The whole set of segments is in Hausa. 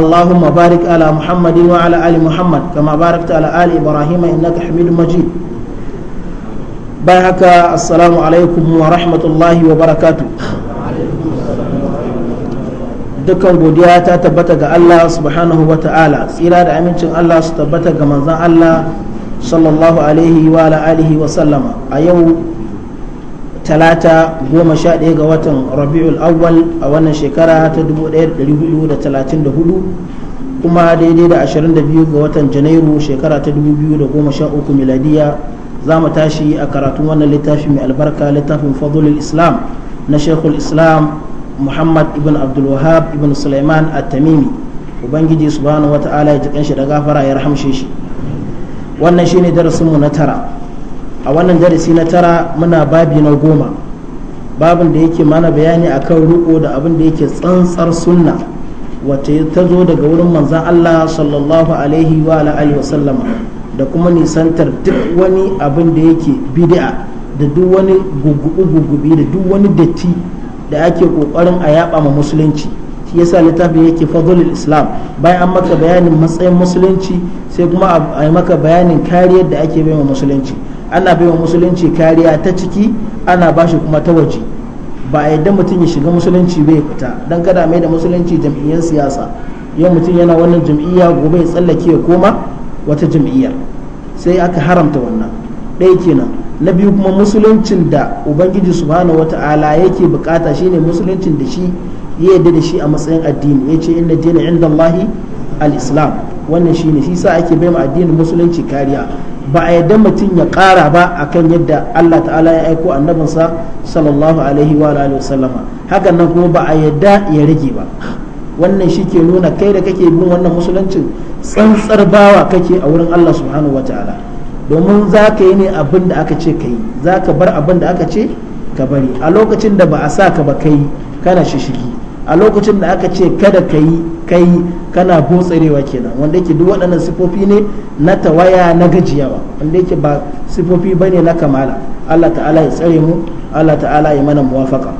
اللهم بارك على محمد وعلى آل محمد كما باركت على آل إبراهيم إنك حميد مجيد باهك السلام عليكم ورحمة الله وبركاته dukkan godiya ta tabbata ga Allah subhanahu wa ta'ala tsira da amincin Allah su tabbata ga manzon Allah sallallahu alaihi wa alihi wa sallama a yau talata goma sha ɗaya ga watan rabi'ul awwal a wannan shekara ta 1434 kuma daidai da 22 ga watan janairu shekara ta 2013 miladiya za mu tashi a karatun wannan littafi mai albarka littafin fadlul islam na shekul islam muhammad ibn abdulwahab ibn sulaiman at-tamimi ubangiji subhanahu wata'ala ya ji kanshi da gafara ya rahamshe shi wannan shine darasinmu na tara a wannan darasi na tara muna babi na goma babin da yake mana bayani akan riko da abin da yake tsantsar sunna wacce ta zo daga wurin manzan Allah sallallahu alaihi wa alihi wasallama da kuma nisantar duk wani abin da yake bid'a da duk wani gugubi da duk wani datti da ake kokarin a yaba ma musulunci shi yasa littafin yake fadlul islam bayan an maka bayanin matsayin musulunci sai kuma a maka bayanin kariyar da ake bai ma musulunci ana bai wa musulunci kariya ta ciki ana ba shi kuma ta waje ba a yadda mutum ya shiga musulunci bai fita don kada mai da musulunci jam'iyyar siyasa yau mutum yana wannan jam'iyya gobe ya tsallake ya koma wata jam'iyyar sai aka haramta wannan ɗaya kenan na biyu kuma musuluncin da ubangiji subhanahu wata'ala yake bukata shine musuluncin da shi ya yadda da shi a matsayin addini ya ce inna dina inda Allahi al-islam wannan shine shi sa ake bai ma addinin musulunci kariya ba a yadda mutum ya ƙara ba akan yadda Allah ta'ala ya aiko annabinsa sallallahu alaihi wa alihi wasallama hakan nan kuma ba a yadda ya rage ba wannan shi ke nuna kai da kake bin wannan musuluncin tsantsar bawa kake a wurin Allah subhanahu wa ta'ala domin za ka yi ne abin da aka ce ka yi za ka bar abin da aka ce ka bari a lokacin da ba a sa ka ba kai kana shishigi a lokacin da aka ce kada ka yi kai kana botsarewa kenan wanda yake duk waɗannan sifofi ne na tawaya na gajiyawa wanda yake ba sifofi ba ne na kamala allah ta'ala ya tsare mu allah ta'ala ya mana muwafaka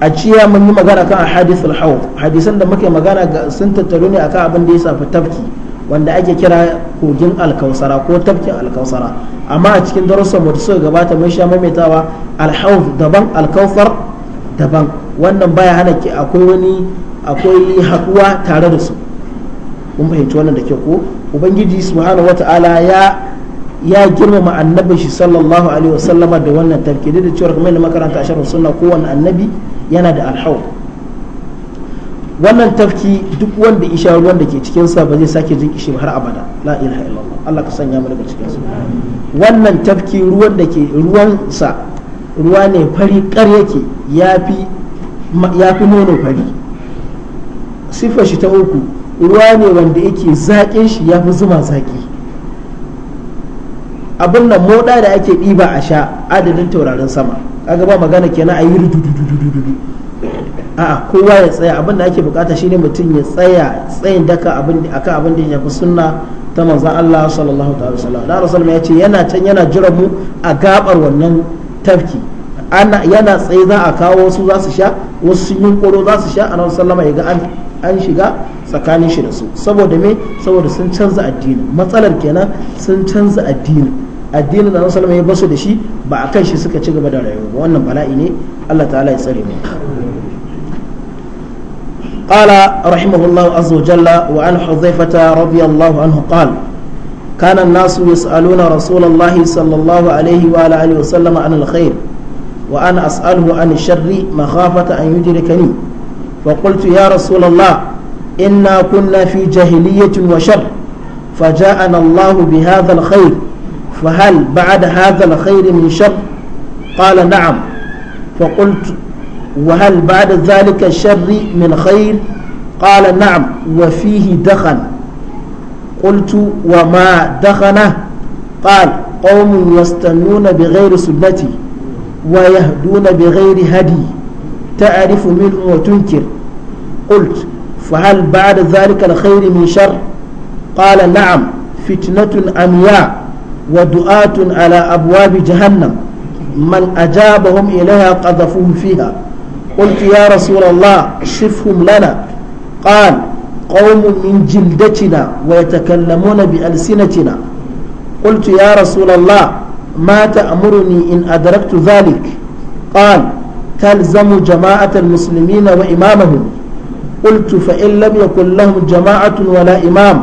a ciya mun yi magana kan hadithul haw hadisan da muke magana sun tattaru ne akan abin da ya safi tafki wanda ake kira kogin alkausara ko tafkin alkausara amma a cikin darussan mu suka gabata mun sha maimaitawa alhawd daban alkausar daban wannan baya hana ki akwai wani akwai haɗuwa tare da su mun fahimci wannan da ke ko ubangiji subhanahu wata'ala ya ya girmama annabin shi sallallahu alaihi wasallama da wannan tafki da cewa kamar da makaranta ashirin sunna kowane annabi yana da alhau wannan tafki duk wanda isha ruwan da ke cikinsa ba zai sake jin kishi har abada la ilaha illallah Allah ka sanya mu daga cikin su wannan tafki ruwan da ke ruwan sa ruwa ne fari kar yake yafi ya fi nono fari siffar shi ta uku ruwa ne wanda yake zaƙin shi ya fi zuma zaƙi abin nan moɗa da ake ɗiba a sha adadin taurarin sama kaga ba magana kenan a yi a'a kowa ya tsaya abin da ake bukata shine mutum ya tsaya tsayin daka akan abin da ya fi sunna ta manzan Allah sallallahu ta'ala wasallam da ya ce yana can yana jiran mu a gabar wannan tafki ana yana tsaye za a kawo wasu za su sha wasu sun yi koro za su sha annabi sallama ya ga an shiga tsakanin shi da su saboda me saboda sun canza addini matsalar kenan sun canza addini addinin da sallama ya basu da shi ba a kan shi suka ci gaba da rayuwa ba wannan bala'i ne Allah ta'ala ya tsare mu قال رحمه الله عز وجل وعن حذيفة رضي الله عنه قال كان الناس يسألون رسول الله صلى الله عليه وعلى آله وسلم عن الخير وأنا أسأله عن الشر مخافة أن يدركني فقلت يا رسول الله إنا كنا في جاهلية وشر فجاءنا الله بهذا الخير فهل بعد هذا الخير من شر قال نعم فقلت وهل بعد ذلك الشر من خير قال نعم وفيه دخن قلت وما دخنه قال قوم يستنون بغير سنتي ويهدون بغير هدي تعرف منهم وتنكر قلت فهل بعد ذلك الخير من شر قال نعم فتنة عمياء ودعاة على أبواب جهنم من أجابهم إليها قذفوه فيها قلت يا رسول الله شفهم لنا قال قوم من جلدتنا ويتكلمون بألسنتنا قلت يا رسول الله ما تأمرني إن أدركت ذلك قال تلزم جماعة المسلمين وإمامهم قلت فإن لم يكن لهم جماعة ولا إمام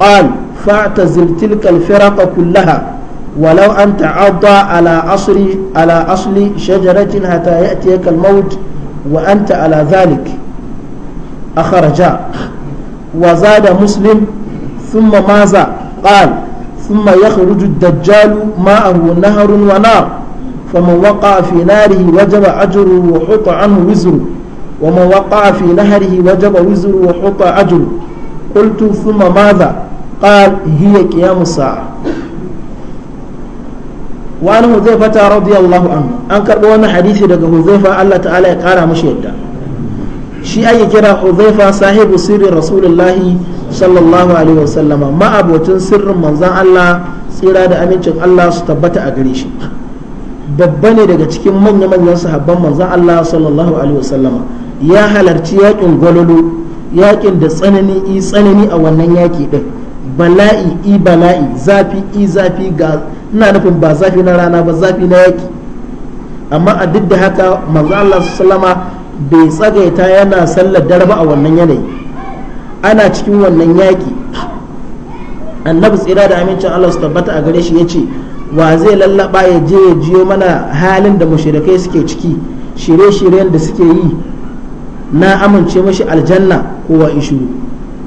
قال فاعتزل تلك الفرق كلها ولو أن تعضى على أصل على أصل شجرة حتى يأتيك الموت وأنت على ذلك أخرجا وزاد مسلم ثم ماذا قال ثم يخرج الدجال ماءه نهر ونار فمن وقع في ناره وجب أجره وحط عنه وزره ومن وقع في نهره وجب وزره وحط أجره قلت ثم ماذا قال هي قيام الساعة وأنا حذيفة رضي الله عنه أنكر وانا حديثي لك حذيفة الله تعالى قال مشيئة shi ake kira huzaifa sahibu sirrin rasulullahi sallallahu alaihi wasallama ma'abocin sirrin manzan Allah tsira da amincin Allah su tabbata a gare shi babba ne daga cikin manya-manyan sahabban manzan Allah sallallahu alaihi wasallama ya halarci yakin gwalolo yakin da tsanani i tsanani a wannan yaki din bala'i i bala'i zafi i zafi ga ina nufin ba zafi na rana ba zafi na yaki amma a duk da haka manzan Allah sallallahu alaihi wasallama bai tsagaita yana sallar dare ba a wannan yanayi ana cikin wannan yaƙi annabi tsira da amincin Allah su tabbata a gare shi ya ce wa zai lallaba ya je ya jiyo mana halin da mushrikai suke ciki shirye-shiryen da suke yi na amince mashi aljanna kowa ishu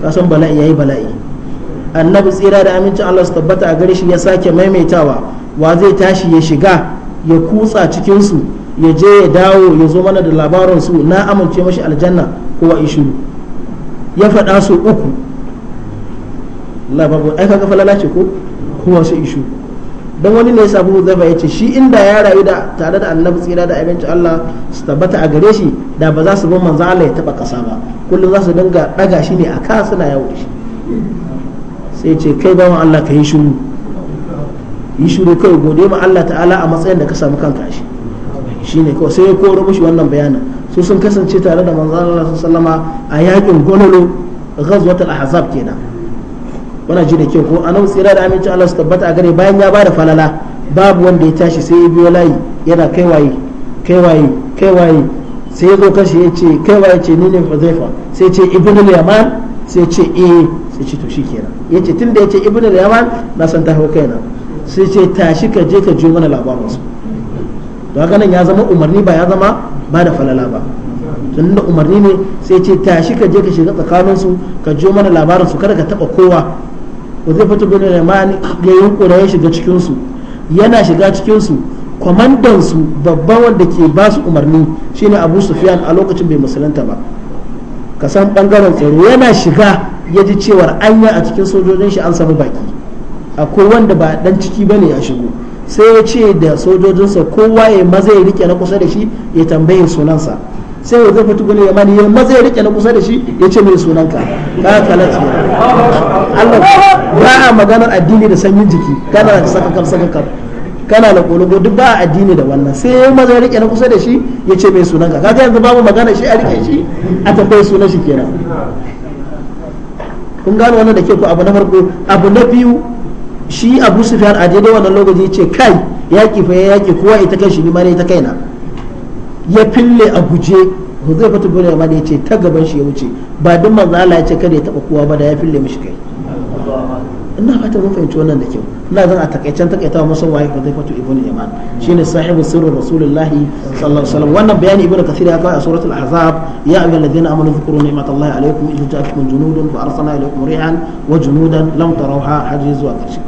kasan bala'i yayi bala'i annabi tsira da amincin Allah su tabbata a gare shi ya sake maimaitawa wa zai tashi ya shiga ya kutsa cikinsu ya je ya dawo ya zo mana da labarin su na amince mashi aljanna ko wa ishuru ya faɗa su uku labarin ai kaga falala ce ko wa sai ishuru don wani ne sabu zaba ya ce shi inda ya rayu da tare da annabi tsira da abinci Allah su tabbata a gare shi da ba za su bar manzo Allah ya taba kasa ba kullum za su dinga daga shi ne a ka suna yawo shi sai ce kai ba mu Allah ka yi shuru yi shuru kai gode ma Allah ta'ala a matsayin da ka samu kanka shi shine kawai sai ya koro mushi wannan bayanin su sun kasance tare da manzan Allah sallama a yakin gololo ghazwatul ahzab kenan wannan ji da ke ko anan tsira da aminci Allah su tabbata a gare bayan ya bada falala babu wanda ya tashi sai ya biyo layi yana kai waye kai waye kai waye sai ya zo kashi ya ce kai waye ce ni ne fazaifa sai ce ibnu yaman sai ce eh sai ce to shikenan yace tunda yace ibnu yaman na san ta hau kaina sai ce tashi ka je ka jiyo mana labarin su don haka ya zama umarni ba ya zama ba da falala ba tun da umarni ne sai ce tashi ka je ka shiga tsakanin su ka jo mana labarin su kada ka taba kowa ko zai fito bin Yamani ya yunkura ya shiga cikin su yana shiga cikin su kwamandan su babban wanda ke ba su umarni shine Abu Sufyan a lokacin bai musulunta ba ka san bangaren tsaro yana shiga ya ji cewar anya a cikin sojojin shi an samu baki akwai wanda ba dan ciki bane ya shigo sai ya ce da sojojinsa kowa ya maza ya rike na kusa da shi ya tambaye sunansa sai ya zafi tugul ya mani ya maza ya rike na kusa da shi ya ce mai sunanka ka kalat Allah ba a maganar addini da sanyin jiki kana da saka kan saka kan kana da kologo duk ba addini da wannan sai ya maza ya rike na kusa da shi ya ce mai sunanka ka yanzu babu magana shi a rike shi a tambaye sunan shi kenan kun gano wannan da ke ku abu na farko abu na biyu shi abu sufyan a daidai wannan lokaci ce kai yaƙi fa ya yaƙi kowa ita kai shi ni ma ita ta na ya fille a guje zai huzaifa tubul yamma ya ce ta gaban shi ya wuce ba duk manzo Allah ya ce kada ya taba kowa ba da ya fille mishi kai ina fata mun fahimci wannan da kyau ina zan a takaicen takaitawa musan waye ko zai fatu ibnu yaman shine sahibu sirri rasulullahi sallallahu alaihi wasallam wannan bayani ibnu kathir ya kawo a suratul ahzab ya ayyuhal ladina amanu dhkuru ni'matallahi alaykum idh ja'akum junudun fa arsalna ilaykum rihan wa junudan lam tarawha hadhihi zuwa karshe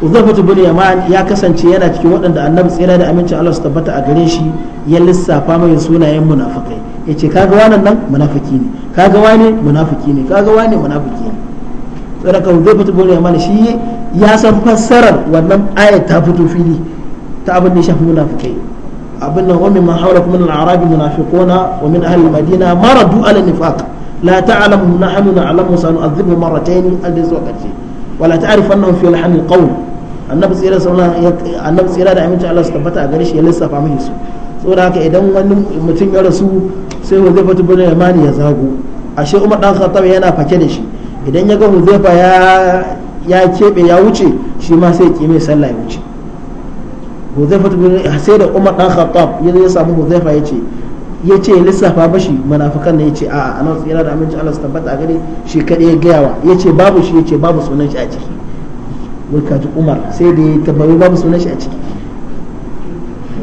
Uzaifatu bin Yaman ya kasance yana cikin waɗanda annabi tsira da amincin Allah su tabbata a gare shi ya lissafa mai sunayen munafikai yace kaga wannan nan munafiki ne kaga wani munafiki ne kaga wani munafiki ne sadaka hudaifatu bin yaman shi ya san fassarar wannan aya ta fito fili ta abin da ya shafi munafikai abin nan wani man haula kuma na arabi munafiquna wa min ahli madina maradu ala nifaq la ta'lamu nahnu na'lamu sanu'adhibu marratayn alladhi zuwa karshe wala ta'rifannahum fi lahn alqawl annabi tsira sallallahu annabi tsira da aminci Allah su tabbata a gare shi ya lissafa mishi su saboda haka idan wani mutum ya rasu sai hudaifatu bin yaman ya zago ashe umar dan khattab yana fake da shi idan ya ga huzaifa ya kebe ya wuce shi ma sai ki mai sallah ya wuce huzaifa sai da umar dan khattab ya ya samu huzaifa ya ce ya ce lissafa bashi munafikan ne ya ce a'a anan yana da aminci Allah su tabbata a gare shi kadai ya gaya wa ya ce babu shi ya ce babu sunan shi a ciki wai kaji umar sai da ya tabbabi babu sunan shi a ciki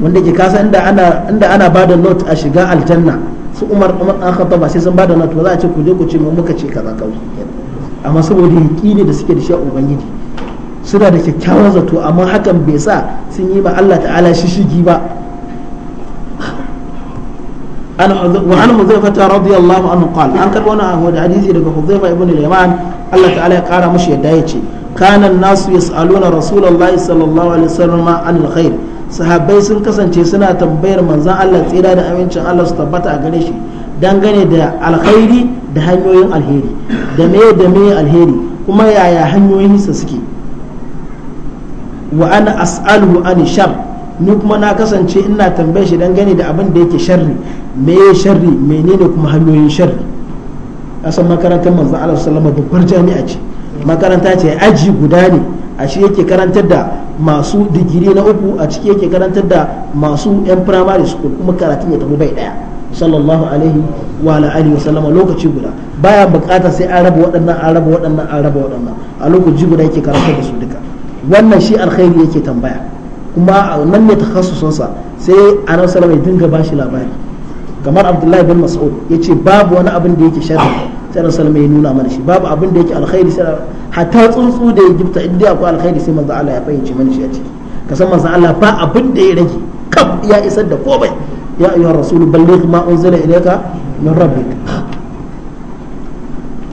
wanda ke kasa inda ana inda ana bada note a shiga aljanna su umar umar dan khattab sai sun bada note ba za a ce ku je ku ce mu muka ce kaza kawai amma saboda yaƙini da suke da shi a ubangiji suna da kyakkyawan zato amma hakan bai sa sun yi ma Allah ta'ala shishigi ba wa an huzaifa ta radiyallahu anhu qala an karbo na wani hadisi daga huzaifa ibn al-yaman Allah ta'ala ya kara mashi yadda ya ce kana nasu yas'aluna rasulullahi sallallahu alaihi wasallam an al-khair sahabbai sun kasance suna tambayar manzon Allah tsira da amincin Allah su tabbata a gare shi dangane da alkhairi da hanyoyin alheri da me da me alheri kuma yaya hanyoyin sa suke wa ana as'aluhu an shar ni kuma na kasance ina tambaye shi dangane da abin da yake sharri me ya sharri menene kuma hanyoyin sharri asan makarantar manzo Allah babbar jami'a ce makaranta ce aji guda ne a shi yake karantar da masu digiri na uku a ciki yake karantar da masu yan primary school kuma karatun ya tafi bai daya sallallahu alaihi wa ala alihi wa sallama lokaci guda baya bukata sai an raba waɗannan an raba waɗannan an raba waɗannan a lokaci guda yake karanta da su duka wannan shi alkhairi yake tambaya kuma nan ne takhassusunsa sai annabi sallama ya dinga bashi labari kamar abdullahi bin mas'ud yace babu wani abin da yake sharri sai annabi sallama ya nuna mana shi babu abin da yake alkhairi sai hatta tsuntsu da ya gifta inda akwai alkhairi sai manzo Allah ya fahimci mana shi a ciki kasan manzo Allah ba abin da ya rage kaf ya isar da komai ya ayyuhar rasul balligh ma unzila ilayka min rabbik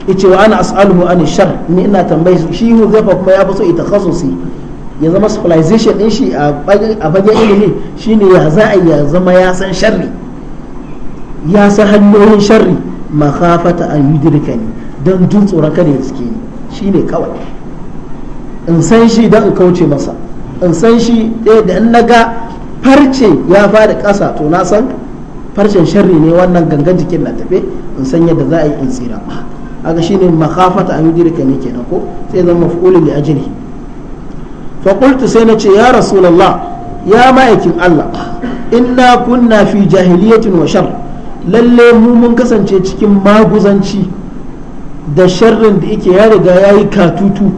yace wa ana as'aluhu an shar ni ina tambaye shi Huzaifa kuma ya fi so ita khasusi ya zama civilization din shi a fagen ilimi shine ya za a ya zama ya san sharri ya san hanyoyin sharri makhafata an yudrika ni dan jin tsoron kada ya riske ni shine kawai in san shi dan in kauce masa in san shi daya da in na ga. farce ya fada ƙasa to na san farcen sharri ne wannan gangan jikin na tafe in san yadda za a yi in tsira aga ne makafata an yudrika ne kenan ko sai zan maf'ulun li ajli fa sai na ce ya rasulullah ya ma'aikin Allah inna kunna fi jahiliyatin wa shar lalle mu mun kasance cikin maguzanci da sharrin da yake ya riga yayi katutu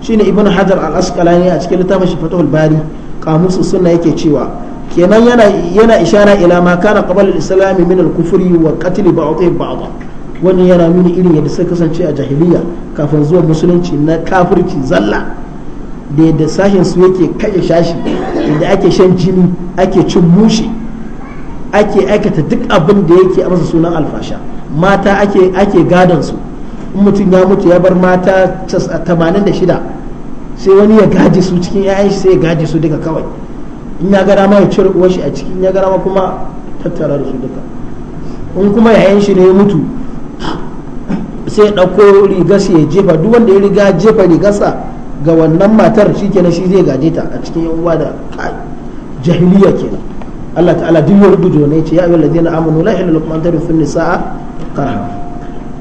shine ibnu hajar al-asqalani a cikin littafin shi fatahul bari kamusu suna yake cewa kenan yana yana ishara ila ma kana qabla al-islam min al-kufri wa qatl ba'dhi ba'dha wani yana nuna irin yadda suka kasance a jahiliya kafin zuwa musulunci na kafirci zalla da yadda sahin su yake kai shashi inda ake shan jini ake cin mushi ake aikata duk abin da yake a masa sunan alfasha mata ake ake gadon su in mutum ya mutu ya bar mata 86 sai wani ya gaji su cikin yayan shi sai ya gaji su duka kawai in ya gara ma ya cire uwa shi a cikin ya gara ma kuma tattara da su duka in kuma yayan shi ne ya mutu sai ya ɗauko rigarsa ya jefa duk wanda ya riga jefa rigarsa ga wannan matar shi kenan shi zai gaje ta a cikin yan uwa da jahiliya kenan Allah ta'ala duk ya rubuta ne ya ce ya ayyuhal ladina amanu la ilaha illa anta nisaa karha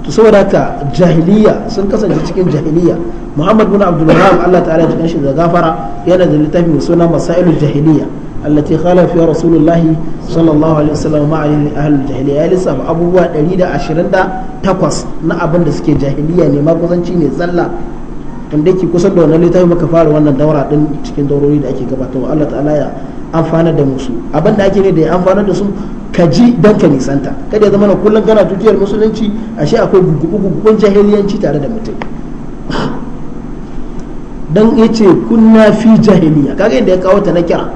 to saboda haka jahiliya sun kasance cikin jahiliya muhammad bin abdul Allah ta'ala ya shi da gafara yana da littafi suna masailu jahiliya allati khala fi rasulullahi sallallahu alaihi wasallam ma ahli jahiliya ya lissafa abubuwa 128 na abin da suke jahiliya ne ma kusanci ne zalla wanda yake kusan da wannan littafi muka fara wannan daura din cikin daurori da ake gabatarwa Allah ta'ala ya amfana da musu abinda ake ne da ya amfana da su ka ji don ka nisanta kada ya zama na kullum kana dukiyar musulunci a shi akwai gugugugugun jahiliyanci tare da mutum don ya ce kunna fi jahiliya kaga inda ya kawo ta na kira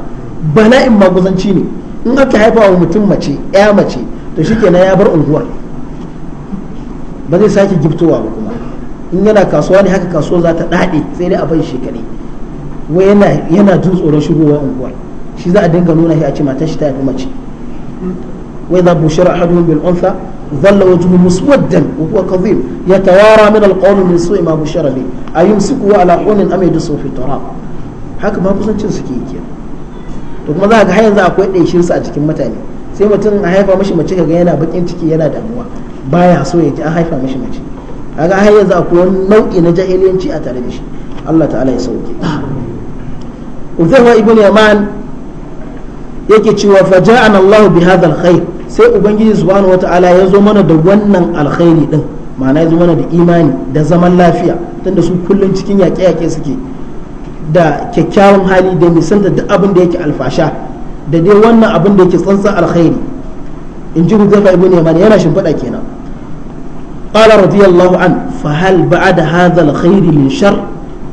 bala'in maguzanci ne in aka haifa wa mutum mace ya mace to shi na ya bar unguwar ba zai sake giftowa ba kuma in yana kasuwa ne haka kasuwa za ta daɗe sai dai a bai shi kaɗai wai yana jin tsoron shigowa unguwar shi za a dinga nuna shi a ce matar shi ta haifi mace وإذا بشر أحدهم بالأنثى ظل وجهه مسودا وهو كظيم يتوارى من القوم من سوء ما بشر به أيمسكه على حون أم يدسه في التراب haka ma kusancin su ke kenan to kuma za ka har yanzu akwai ɗanshin a cikin mutane sai mutum a haifa mashi mace kaga yana bakin ciki yana damuwa baya so ya ji an haifa mashi mace kaga har yanzu akwai wani nau'i na jahiliyanci a tare da shi Allah ta'ala ya sauke Uthaywa ibn Yaman yake cewa faja'ana Allah bi hadha alkhair sai ubangiji subhanahu wata'ala ya zo mana da wannan alkhairi din ma'ana ya zo mana da imani da zaman lafiya tunda su kullum cikin yaƙe-yaƙe suke da kyakkyawan hali da misanta da abin da yake alfasha da dai wannan abin da yake tsantsan alkhairi in ji huzaifa ibn yaman yana shimfiɗa kenan qala radiyallahu an fa hal ba'da hadha alkhairi min shar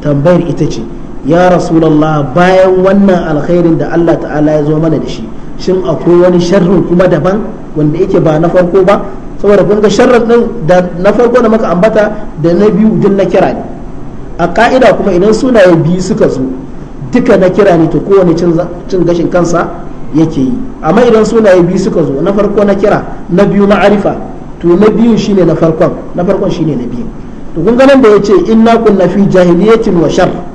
tambayar ita ce ya rasulallah bayan wannan alkhairin da Allah ta'ala ya zo mana da shi shin akwai wani sharrin kuma daban wanda yake ba na farko ba saboda kun ga sharrin din da na farko da muka ambata da na biyu duk na kira ne a ka'ida kuma idan sunaye biyu suka zo duka na kira ne to kowane cin gashin kansa yake yi amma idan sunaye biyu suka zo na farko na kira na biyu na arifa to na biyu shine na farkon na farkon shine na biyu to kun ga nan da yace inna kunna fi jahiliyatin wa sharr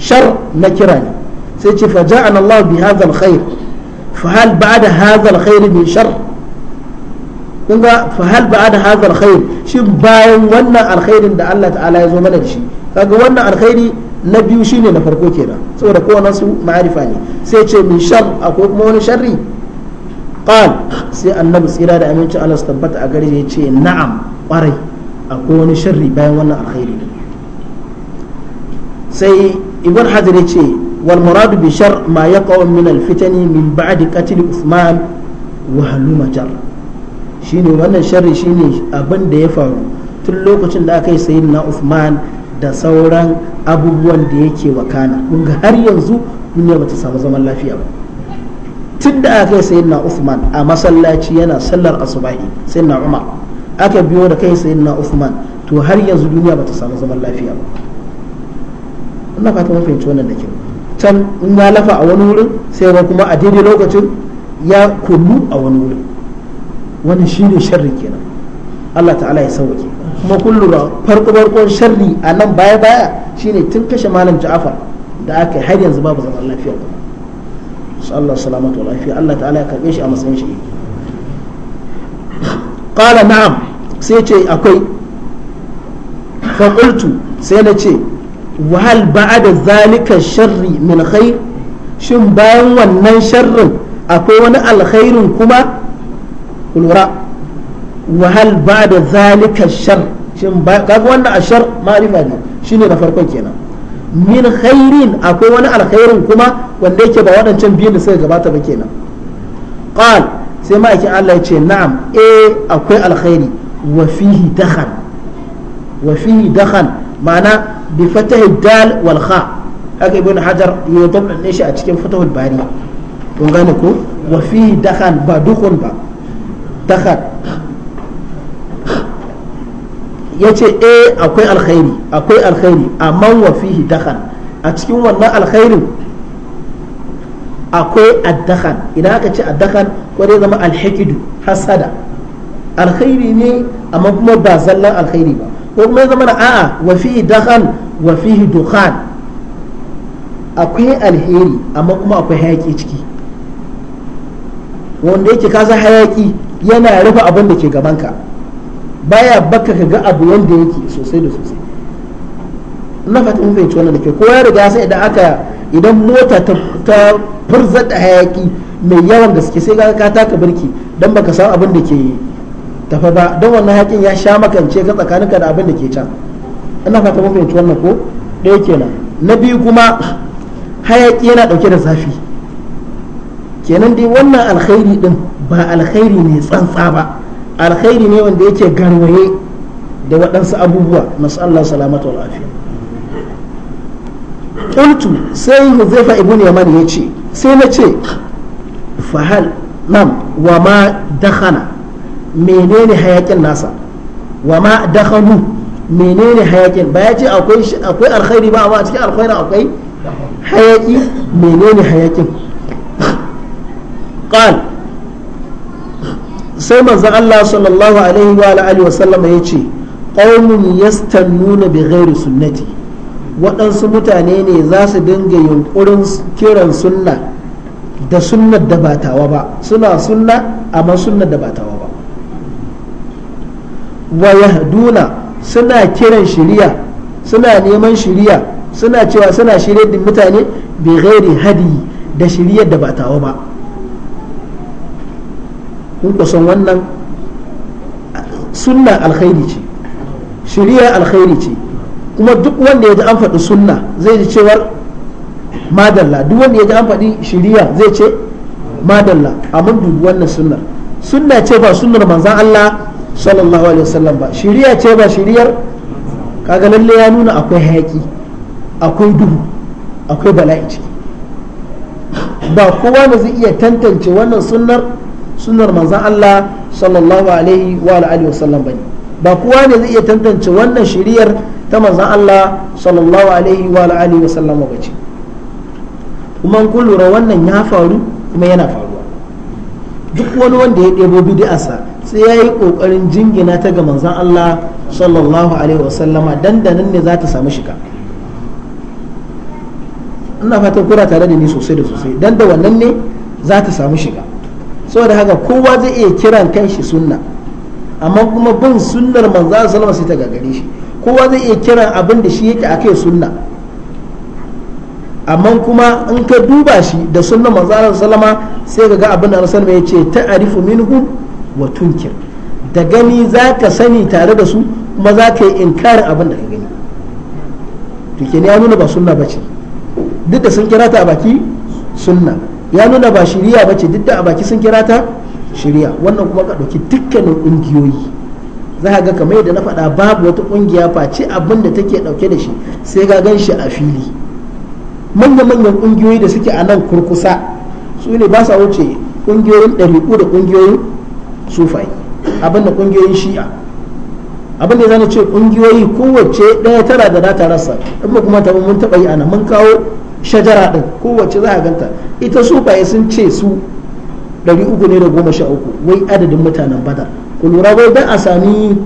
shar na kira ne sai ce fa ja'ana Allah bi hadha alkhair fa hal ba'da hadha alkhair min shar kun fa hal ba'da hadha alkhair shi bayan wannan alkhairin da Allah ta'ala ya zo mana da shi kaga wannan alkhairi na biyu shine na farko kenan saboda kowanne su ma'arifa ne sai ce min shar akwai kuma wani sharri qal sai annabi tsira da aminci Allah su tabbata a gare ya ce na'am kwarai akwai wani sharri bayan wannan alkhairi sai ibn hajar ya ce wal muradu bi shar ma yaqa min al fitani min ba'di qatl usman wa haluma jar shine wannan sharri shine abin da ya faru tun lokacin da aka yi sayyidina usman da sauran abubuwan da yake wakana kun ga har yanzu duniya bata samu zaman lafiya ba tun da aka yi sayyidina usman a masallaci yana sallar asubahi sayyidina umar aka biyo da kai sayyidina usman to har yanzu duniya bata samu zaman lafiya ba Allah fata mun fahimci wannan da kyau can in ya lafa a wani wurin sai ga kuma a daidai lokacin ya kullu a wani wurin wani shine sharri kenan Allah ta'ala ya sauke kuma kullu ba farko farkon sharri a nan baya baya shine tun kashe malam Ja'far da aka yi har yanzu babu zaman lafiya kuma Allah salamatu wa lafiya Allah ta'ala ya karbe shi a matsayin shi qala na'am sai ce akwai fa qultu sai na ce wahal da zalika sharri min khair shin bayan wannan sharrin akwai wani alkhairin kuma kulura wahal da zalika shar shin kaga wannan ashar ma'rifa ne shine na farkon kenan min khairin akwai wani alkhairin kuma wanda yake ba waɗancan biyu da suka gabata ba kenan qal sai ma'aikin Allah ya ce na'am eh akwai alkhairi wa fihi dakhan wa fihi dakhan ma'ana bi fatahi dal wal kha haka ibn hajar ya dabbanne shi a cikin fatahul bari kun gane ko wa fi dakhan ba dukhun ba dakhan yace eh akwai alkhairi akwai alkhairi amma wa fihi dakhan a cikin wannan alkhairin akwai addakhan idan aka ce addakhan ko dai zama alhikidu hasada alkhairi ne amma kuma ba zallan alkhairi ba ko kuma zama na a'a wa fi dakhal wa fihi dukhan akwai alheri amma kuma akwai hayaki ciki wanda yake kasa hayaki yana rufe abin da ke gabanka baya baka ka ga abu yanda yake sosai da sosai na fata mun fahimci wannan ke kowa ya riga sai idan aka idan mota ta furzar da hayaki mai yawan gaske sai ka taka birki dan baka san abin da ke tafi ba don wannan haƙin ya sha makance ka tsakaninka da abin da ke can ina fata mun fahimci wannan ko ɗaya kenan na biyu kuma hayaƙi yana ɗauke da zafi kenan dai wannan alkhairi ɗin ba alkhairi ne tsantsa ba alkhairi ne wanda yake garwaye da waɗansu abubuwa masu Allah salamatu wa lafiya ƙultu sai huzaifa ibn yaman ya ce sai na ce fahal nan wa ma dakhala menene hayakin nasa wa ma dakhalu menene hayakin ba ya ce akwai akwai alkhairi ba amma a cikin alkhairi akwai hayaki menene hayakin qal sai manzon Allah sallallahu alaihi wa alihi wa sallama yace qaumun yastannuna bi ghairi sunnati waɗansu mutane ne za su dinga yunkurin kiran sunna da sunnar da ba tawa ba suna sunna amma sunnar da ba tawa wa yahduna suna kiran shiriya suna neman shiriya suna cewa suna shirya da mutane bi ghairi hadi da shari'a da ba tawa ba kun kusan wannan sunna alkhairi ce shiriya alkhairi ce kuma duk wanda ya ji an faɗi sunna zai ji cewar madalla duk wanda ya ji an faɗi shiriya zai ce madalla amma duk wannan sunnar sunna ce ba sunnar manzan Allah sallallahu alaihi wasallam ba shiriya ce ba shiriyar kaga lalle ya nuna akwai hayaki akwai duhu akwai bala'i ciki ba kowa ne zai iya tantance wannan sunnar sunnar manzon Allah sallallahu alaihi wa alihi wasallam bane ba kowa ne zai iya tantance wannan shiriyar ta manzon Allah sallallahu alaihi wa alihi wasallam ba ce kuma kun lura wannan ya faru kuma yana faru duk wani wanda ya ɗebo bid'arsa sai ya yi ƙoƙarin jingina ta ga manzan Allah sallallahu alaihi wasallama dandanan ne za ta samu shiga ina fatan kura tare da ni sosai da sosai dan da wannan ne za ta samu shiga saboda haka kowa zai iya kiran kanshi sunna amma kuma bin sunnar manzan sallallahu alaihi wasallama sai ta gagare shi kowa zai iya kiran abin da shi yake akai sunna amma kuma in ka duba shi da sunan manzo salama sai ga abin da rasul mai ce arifu minhu wa tunkir da gani za ka sani tare da su kuma za ka yi inkarin abin da ka gani to ya nuna ba sunna bace duk da sun kira ta a baki sunna ya nuna ba shiriya bace duk da a baki sun kira ta shiriya wannan kuma ka ɗauki dukkanin ƙungiyoyi za ka ga kamar yadda na faɗa babu wata ƙungiya face abin da take ɗauke da shi sai ga gan shi a fili manya-manyan ƙungiyoyi da suke a nan kurkusa su ne ba sa wuce ƙungiyoyin ɗariƙu da ƙungiyoyin sufai abin da ƙungiyoyin shi'a abin da zana ce ƙungiyoyi kowace ɗaya tara da data rasa in ba kuma ta mun taɓa yi ana mun kawo shajara ɗin kowace za a ganta ita sufai sun ce su ɗari uku ne da goma sha uku wai adadin mutanen badar ku lura wai dan a sami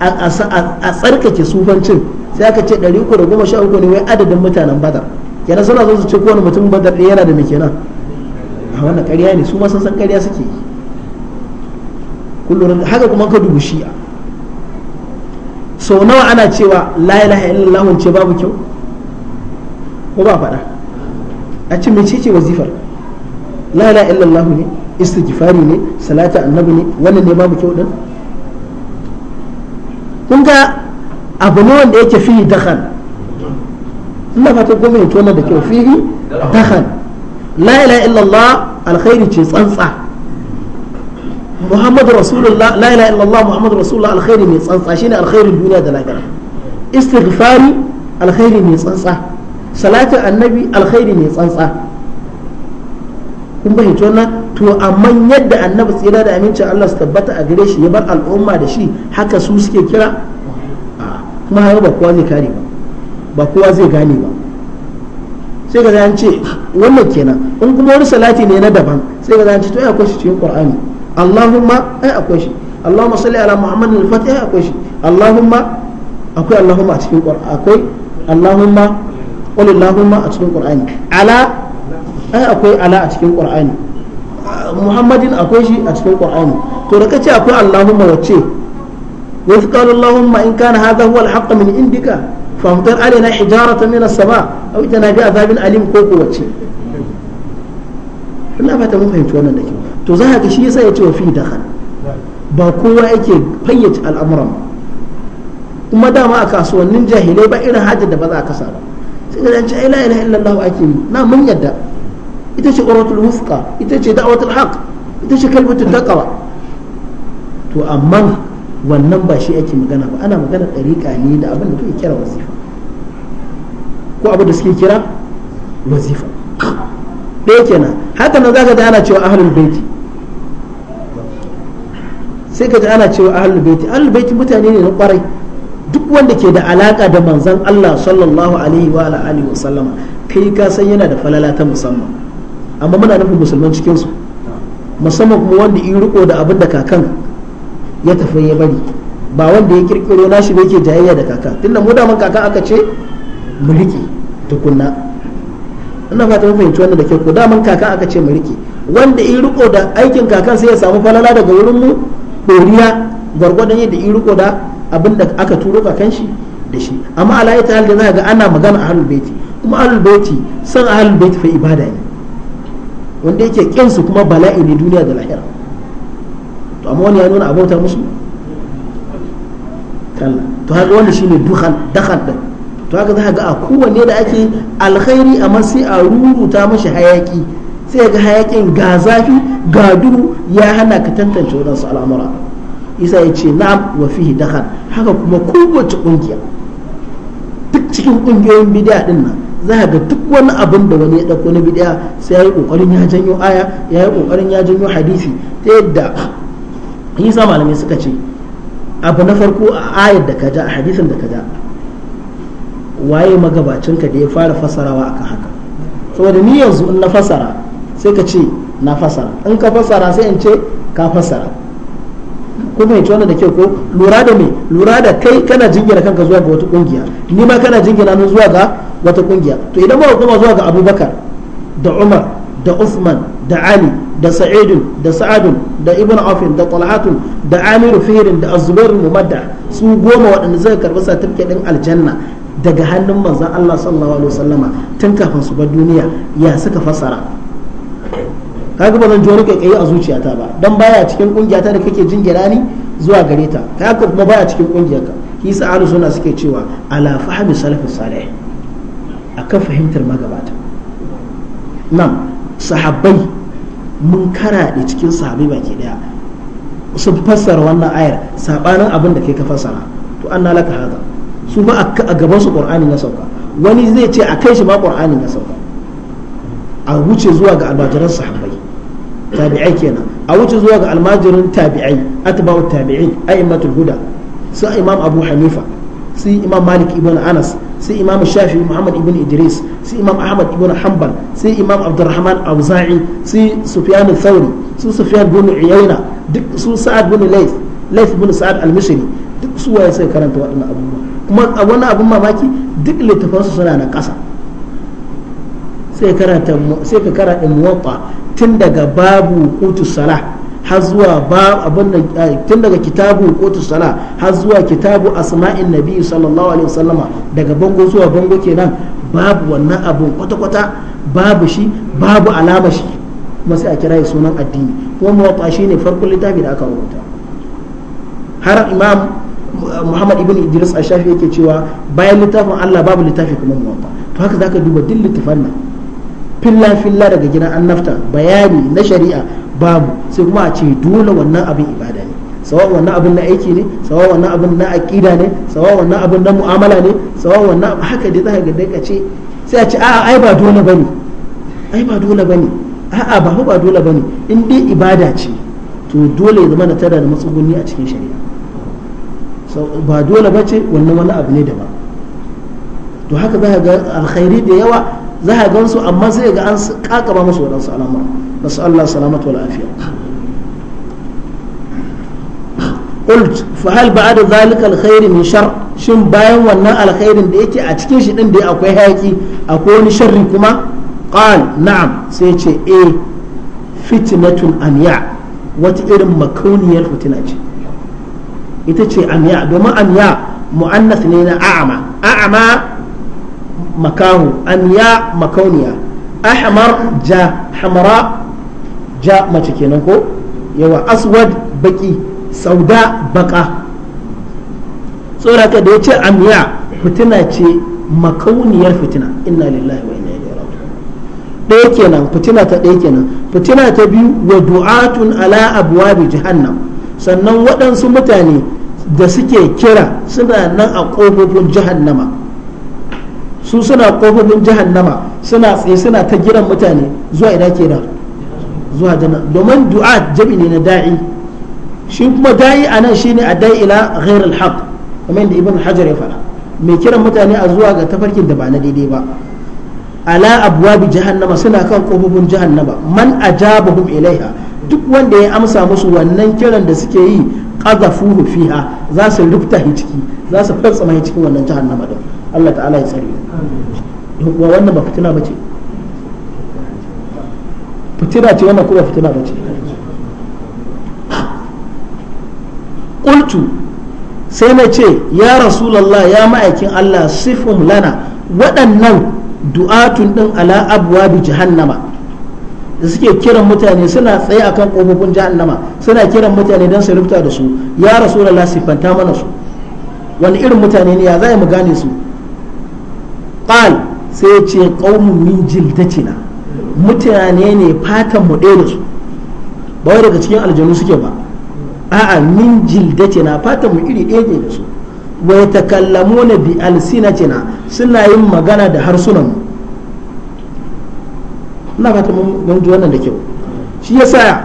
a tsarkake sufancin sai aka ce ɗari uku da goma sha uku ne wai adadin mutanen badar kenan suna zo su ce kowane mutum badar ɗaya yana da mai kenan a wannan ƙarya ne su ma san san ƙarya suke yi kullum haka kuma ka dubu shi'a sau nawa ana cewa la ilaha illallah ce babu kyau ko ba faɗa a ce mai ce wazifar la ilaha illallah ne istighfari ne salata annabi ne wannan ne babu kyau din kun ga abu ne wanda yake fi dakhal ina fata ko mai tona da kyau fili dakhal la ilaha allah alkhairi ce tsantsa muhammadu rasulullah la ilaha illallah muhammadu rasulullah alkhairi ne tsantsa shine alkhairin duniya da lahira istighfari alkhairi ne tsantsa salatin annabi alkhairi ne tsantsa kun fahimci wannan to amma yadda annabi tsira da amincin Allah su tabbata a gare shi ya bar al'umma da shi haka su suke kira kuma haka ba kowa zai kare ba ba kowa zai gane ba sai ga zan ce wannan kenan in kuma wani salati ne na daban sai ga zan ce to ai akwai shi cikin qur'ani allahumma ai akwai shi allahumma salli ala muhammad al-fatih ai akwai shi allahumma akwai allahumma a cikin qur'ani akwai allahumma qul allahumma a cikin qur'ani ala ai akwai ala a cikin qur'ani muhammadin akwai shi a cikin qur'ani to da kace akwai allahumma wace وإذ قالوا اللهم إن كان هذا هو الحق من عندك فامطر علينا حجارة من السماء أو ائتنا بعذاب أليم كوكو وتشي ina fata mun fahimci wannan da kyau to za ka shi yasa ya ce wa fi dakhal ba kowa yake fayyace al'amuran kuma dama a kasuwannin jahilai ba irin hajjar da ba za a kasa ba sai ka dace ai la ake yi na mun yadda ita ce ita ce ita ce to wannan ba shi ake magana ba ana magana ɗariƙa ne da abin da kuke kira wazifa ko abin da suke kira wazifa ɗaya kenan haka nan ka ji ana cewa ahlul baiti sai ka ji ana cewa ahlul baiti ahlul baiti mutane ne na kwarai duk wanda ke da alaka da manzan Allah sallallahu alaihi wa alihi wa sallama kai ka san yana da falala ta musamman amma muna nufin musulman cikin su musamman kuma wanda in riko da abin da kakan ya tafi ya bari ba wanda ya kirkiro nashi ba yake jayayya da kaka tun da mun kaka aka ce mu rike tukunna ina fata mun fahimci wannan da ke ko daman kaka aka ce mu wanda in riko da aikin kakan sai ya samu falala daga wurin mu doriya gwargwadon yadda in riko da abin da aka turo kakan shi da shi amma ala ita hal da za ga ana magana ahlul baiti kuma ahlul baiti san ahlul baiti fa ibada ne wanda yake kinsu kuma bala'i ne duniya da lahira amma wani ya nuna bauta musu kalla to haka shine duhan dakhal din to haka za ga a kowanne da ake alkhairi amma sai a rubuta mashi hayaki sai ga hayakin ga zafi ga duru ya hana ka tantance wadansu al'amura isa ya ce na'am wa fihi dakhal haka kuma kowace kungiya duk cikin kungiyoyin bidiya din nan za ga duk wani abin da wani ya dauko na bid'a sai ya yi kokarin ya janyo aya ya yi kokarin ya janyo hadisi ta yadda hisa malamai suka ce abu na farko a ayar da kaja a hadisin da kaja waye magabacinka da ya fara fasarawa akan haka saboda ni yanzu in na fasara sai ka ce na fasara in ka fasara sai in ce ka fasara ko mai da ke ko lura da me lura da kai kana jingina kanka zuwa ga wata kungiya ni ma kana jingina ni zuwa ga wata kungiya to idan ba kuma zuwa ga Abubakar da Umar da usman da Ali da sa'idun da sa'adun da ibn afin da talhatun da amiru fihirin da azubair da su goma waɗanda zai karɓi satifike ɗin aljanna daga hannun manzan Allah sallallahu alaihi wasallama tun kafin su bar duniya ya suka fasara. kaga ba zan ji wani kaikayi a zuciyata ba dan baya cikin kungiyata da kake jingina ni zuwa gare ta kaga kuma baya cikin kungiyarka shi sa sunna suke cewa ala fahmi salafus salih akan fahimtar magabata nan sahabbai mun kara da cikin sahabi baki daya su fassara wannan ayar sabanin abin da kai ka fassara to an na laka haza su ma a gaban su qur'ani na sauka wani zai ce a kai shi ma qur'ani na sauka a wuce zuwa ga almajiran sahabbai tabi'ai kenan a wuce zuwa ga almajirin tabi'ai atba'u tabi'in a'immatul huda su imam abu hanifa sai imam malik ibn anas sai imam shafi muhammad ibn idris sai imam ahmad ibn hanbal sai imam abdurrahman auza'i sai sufyan thawri su sufyan bin uyayna duk su sa'ad bin layth layth bin sa'ad al duk su waye sai karanta waɗannan abubuwa kuma a wani abun mamaki duk littafansu suna na ƙasa sai karanta sai ka karanta muwatta tun daga babu qutus salah har zuwa ba abin da eh, tun daga kitabu kotu sala har zuwa kitabu asma'in nabi sallallahu alaihi wasallama daga bango zuwa bango kenan babu wannan abun kwata-kwata babu shi babu alama shi kuma sai a kira sunan addini kuma muwatta shi ne farkon littafi da aka rubuta har imam muhammad ibn idris a shafi yake cewa bayan littafin allah babu littafi kuma muwatta to haka zaka duba duk littafan nan filla filla daga gidan annafta bayani na shari'a babu sai kuma a ce dole wannan abin ibada ne sawa wannan abin na aiki ne sawa wannan abin na aƙida ne sawa wannan abin na mu'amala ne sawa wannan haka dai zaka ga ka ce sai a ce a'a ai ba dole bane ai ba dole bane a'a ba ba dole bane in dai ibada ce to dole ya zama na tara da matsuguni a cikin shari'a ba dole bace wannan wani abu ne ba to haka zaka ga alkhairi da yawa za amma sai ga an kakaba musu waɗansu alama da su Allah salamat wa lafiya qult fa hal ba'da zalika alkhair shar shin bayan wannan alkhairin da yake a cikin shi ɗin da akwai hayaki akwai wani sharri kuma qal na'am sai ce eh fitnatun amiya wata irin makauniyar fitina ce ita ce amiya domin amiya mu'annas ne na a'ama a'ama makahu amya makauniya ahmar ja جا ja mace kenan ko yawa aswad baki sauda baka tsoraka da ya ce fitina ce makauniyar fitina inna lillahi wa ɗaya kenan fitina ta ɗaya kenan fitina ta biyu wa du'atun ala abwabi jahannam sannan waɗansu mutane da suke kira suna nan a ƙofofin jahannama su suna kofofin jahannama suna tsaye suna ta giran mutane zuwa ina kenan zuwa janna domin du'a jami ne na da'i shi kuma da'i shi shine a da'i ila ghair al-haq kamar yadda ibn hajar ya faɗa mai kiran mutane a zuwa ga tafarkin da ba na daidai ba ala abwabi jahannama suna kan kofofin jahannama man ajabahum ilaiha duk wanda ya amsa musu wannan kiran da suke yi qadhafuhu fiha za su rufta ciki za su mai cikin wannan jahannama din Allah ta'ala ya tsare wa wannan ba fitina bace fitina ce wannan kuma fitina bace qultu sai na ce ya rasulullah ya ma'aikin Allah sifum lana waɗannan du'atun ɗin ala abwabi jahannama da suke kiran mutane suna tsaye akan ƙofofin jahannama suna kiran mutane don su rubuta da su ya rasulullah sifanta mana su wani irin mutane ne ya za mu gane su قال sai ya ce qaumun min jildatina mutane ne fatan mu ɗaya da ba daga cikin aljanu suke ba a'a min jildatina fatan mu iri ɗaya ne da su wa yatakallamuna bi alsinatina suna yin magana da harsunan mu ina fata mun ji wannan da kyau shi yasa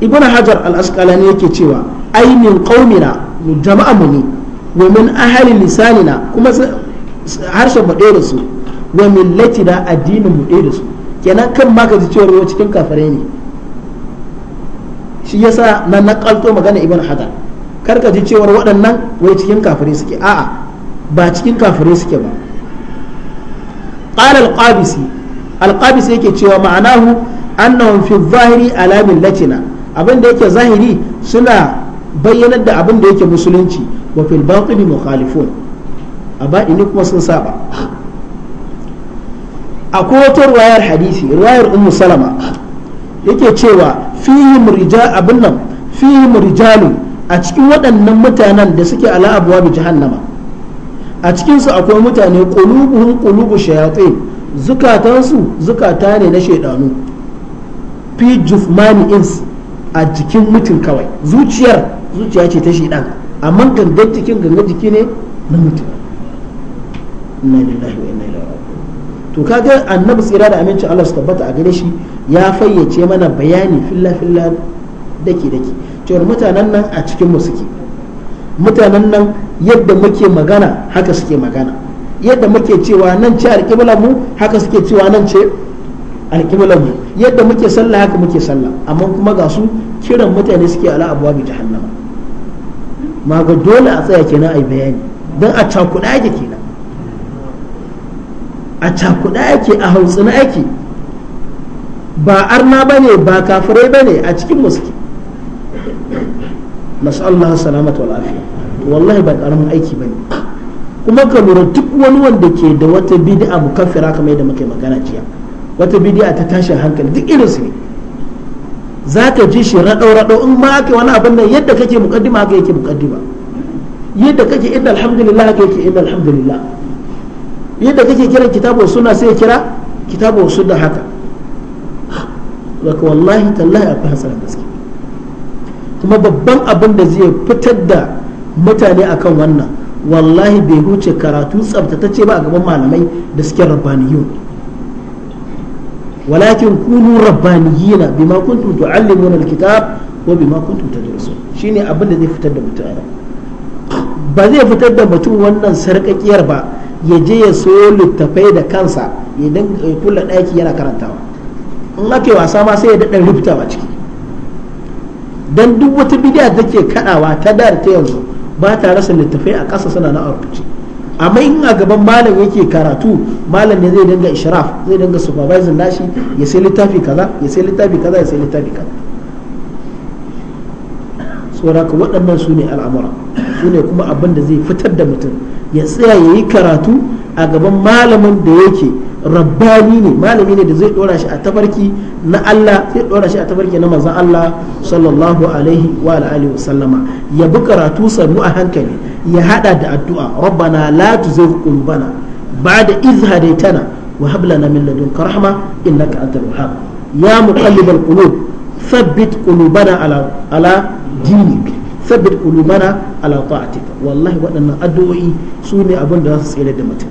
ibn hajar al-asqalani yake cewa ainin qaumina mu jama'a mu ne wa min ahli lisanina kuma harshen mu ɗaya da su wa da addinin mu ɗaya da su kenan kan ma ka ji cewa ruwa cikin kafare ne shi yasa na nakalto magana ibn hadar kar ka ji cewa waɗannan wai cikin kafare suke a'a ba cikin kafare suke ba qala al-qabisi al-qabisi yake cewa ma'anahu annahum fi zahiri ala millatina abinda yake zahiri suna bayyanar da abin da yake musulunci wa fil batini mukhalifun a baɗini kuma sun saba akwai wata ruwayar hadisi ruwayar ummu salama yake cewa fihim rija abin nan fihim rijalu a cikin waɗannan mutanen da suke ala abuwa bi jahannama a cikinsu akwai mutane ƙulubuhun ƙulubu shayatse zukatansu zukata ne na shaidanu fi jufmani ins a jikin mutum kawai zuciyar zuciya ce ta shaidan amma gangan jikin gangan jiki ne na mutum inna lillahi wa inna ilaihi raji'un to kaga annabi tsira da amincin Allah su tabbata a gare shi ya fayyace mana bayani filla filla dake dake cewar mutanen nan a cikin mu suke mutanen nan yadda muke magana haka suke magana yadda muke cewa nan ce alƙiblar mu haka suke cewa nan ce alƙiblar mu yadda muke sallah haka muke sallah amma kuma ga su kiran mutane suke ala abuwa bi jahannama ma ga dole a tsaya kenan ai bayani don a cakuɗa yake a cakuɗa ake a hautsina ake ba arna ba ne ba kafirai ba ne a cikin muski nasallahu salamatu wal afiya wallahi ba karamin aiki ba ne kuma ka lura duk wani wanda ke da wata bidi'a mu mukaffira kamar yadda muke magana jiya wata bidi'a ta tashin hankali duk irin su ne za ka ji shi raɗau raɗau in ma aka wani abin nan yadda kake mukaddima haka yake mukaddima yadda kake inna alhamdulillah haka yake inda alhamdulillah yadda kake kiran kitabu suna sai kira kitabu da haka wallahi tallahi akwai hasaran gaske kuma babban abin da zai fitar da mutane akan wannan wallahi bai huce karatu tsabtatacce ba a gaban malamai da suke rabbaniyun walakin kunu rabbaniyina bima kuntum tu'allimuna alkitab ko bima kuntum tadrusun shine abin da zai fitar da mutane ba zai fitar da mutum wannan sarƙaƙiyar ba ya je ya so littafai da kansa ya kula ɗaki yana karantawa in ake wasa ma sai ya daɗa ba ciki don duk wata bidiya da ke kaɗawa ta da ta yanzu ba ta rasa littafai a ƙasa suna na arkuci amma in a gaban malam yake karatu malam ne zai dinga ishraf zai dinga supervisor nashi ya sai littafi kaza ya sai littafi kaza ya sai littafi kaza ka waɗannan su ne al'amura su ne kuma abin da zai fitar da mutum ya tsaya ya yi karatu a gaban malamin da yake rabbani ne malami ne da zai dora shi a tabarki na Allah zai dora shi a tabarki na manzon Allah sallallahu alaihi wa alihi wasallama ya bi karatu sannu a hankali ya hada da addu'a rabbana la tuzigh qulubana ba'da idh hadaytana wa hab lana min ladunka rahma innaka antal wahhab ya muqallibal qulub thabbit qulubana ala ala dinik thabbit qulubana ala ta'atika wallahi waɗannan addu'o'i su ne abin da za su tsere da mutum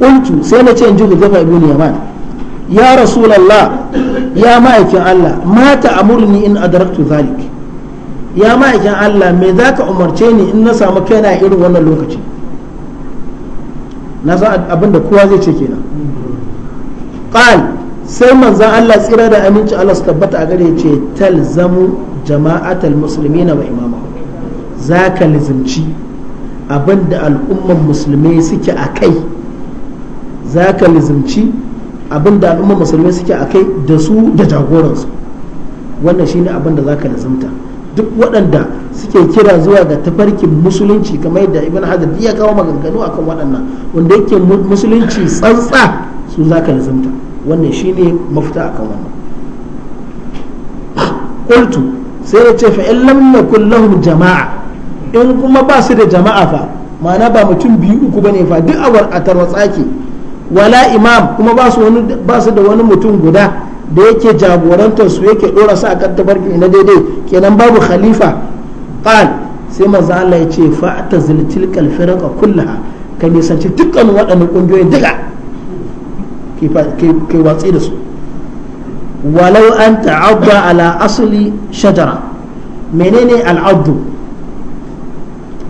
ultu sai na ce in ji Hudhaifa ibn Yaman ya rasulullah ya ma'aikin Allah mata amurni in adraktu zalik ya ma'aikin Allah me zaka umarce ni in na samu kaina irin wannan lokaci na san abin da kowa zai ce kenan qal sai manzan Allah tsira da aminci Allah su tabbata a gare ce talzamu jama'atal musulmi na imama za ka lizimci abinda al'umman musulmi suke a kai za ka lizimci abinda al'umman musulmai suke a kai da su da jagoransu wannan shi abin abinda za ka lizimta duk waɗanda suke kira zuwa ga tafarkin musulunci kamar yadda ibn hajar ya kawo maganganu akan waɗannan wanda yake musulunci tsantsa su za ka lizimta wannan ne mafita kan wannan qultu sai ya ce fa in lam yakul jama'a in kuma ba su da jama'a fa ma'ana ba mutum biyu uku bane fa duk awar a tarwatsake wala imam kuma ba su da wani mutum guda da yake jagorantar su yake dora sa kan tabarki na daidai kenan babu khalifa qal sai manzo Allah ya ce fa atazil tilkal firqa kullaha ka nisanci dukkan waɗannan ƙungiyoyin duka ke watsi da su walau an ta'abba ala asali shajara menene al'abdu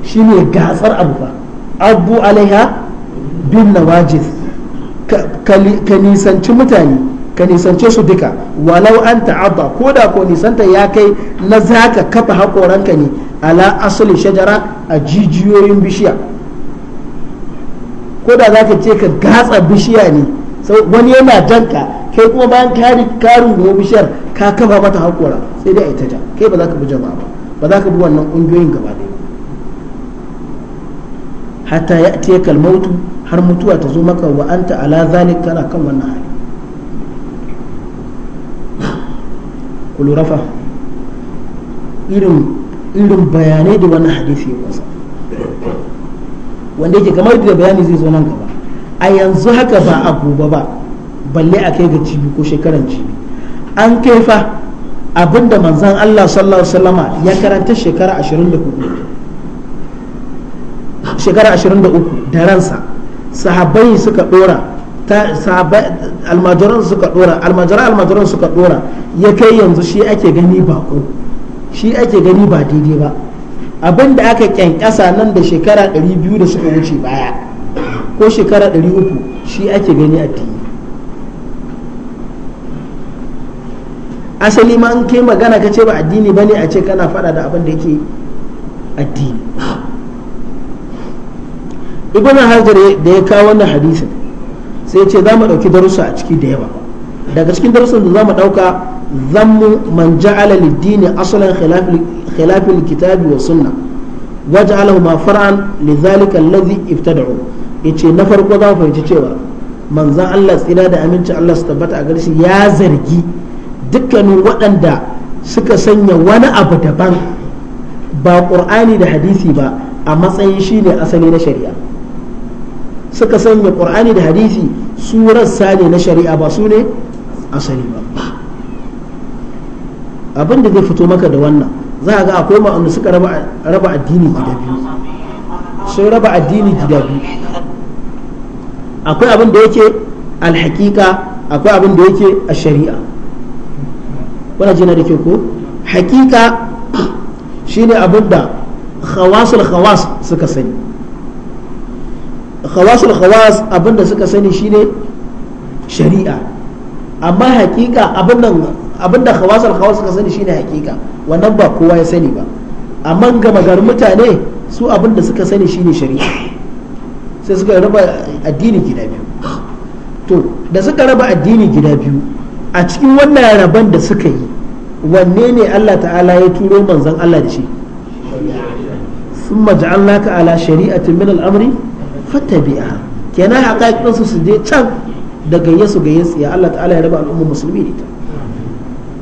shine gatsar abu ba abu alaiha bin nawajis ka nisanci mutane ka nisance su duka walau an ta'abba ko da ko nisanta ya kai na zaka kafa haƙoranka ne ala asali shajara a jijiyoyin bishiya ko da za ka ce ka gatsa bishiya ne wani yana janka kai kuma bayan kari karin gobe bishiyar ka kafa mata hakora sai dai a ita ja kai ba za ka bi jama'a ba ba za ka bi wannan ƙungiyoyin gaba ɗaya hatta ya ce kalmautu har mutuwa ta zo maka wa anta ala zalik kana kan wannan hali kulurafa irin irin bayanai da wannan hadisi ya wasa wanda yake kamar da bayani zai zo nan gaba a yanzu haka ba a gobe ba balle a kai ga cibi ko shekaran cibi an kai fa abinda manzan Allah sallallahu alaihi wasallama ya karanta shekara 24 shekara 23 da ransa sahabbai suka dora almajiran suka dora almajiran almajiran suka dora ya kai yanzu shi ake gani ba ko shi ake gani ba daidai ba abinda aka kyankyasa nan da shekara 200 da suka wuce baya ko shekara 300 shi ake gani a tiyi asali ma an kai magana ka ce ba addini ne a ce kana fada da abin da yake addini ibn hajar da ya kawo wannan hadisin sai ce za mu ɗauki darussa a ciki da yawa daga cikin darussan da za mu ɗauka zammu man ja'ala lid-dini aslan khilafil kitabi wa sunna waj'alahu ma far'an lidhalika alladhi ibtada'u yace na farko za ku fahimci cewa manzan Allah tsira da aminci Allah su tabbata a gare ya zargi dukkanin waɗanda suka sanya wani abu daban ba ƙur'ani da hadisi ba a matsayin shi ne asali na shari'a suka sanya ƙur'ani da hadisi su rassa ne na shari'a ba su ne asali ba abin da zai fito maka da wannan za ga akwai ma'amda suka raba addini gida biyu sun raba addini gida biyu akwai abin da yake alhaƙiƙa akwai abin da yake a shari'a wani jina da ke ko haƙiƙa shine abin da khawasul khawas suka sani khawasul khawas abin da suka sani ne shari'a amma haƙiƙa abin da khawasul khawas suka sani shine haƙiƙa wannan ba kowa ya sani ba amma gama garin mutane su abin da suka sani shine shari'a sai suka raba addini gida biyu to da suka raba addini gida biyu a cikin wannan raban da suka yi wanne ne Allah ta'ala ya turo manzon Allah da shi thumma ja'alnaka ala shari'atin min al-amri fattabi'ha kenan haƙaƙin su su je can da yesu ga yesu ya Allah ta'ala ya raba al'ummar musulmi ne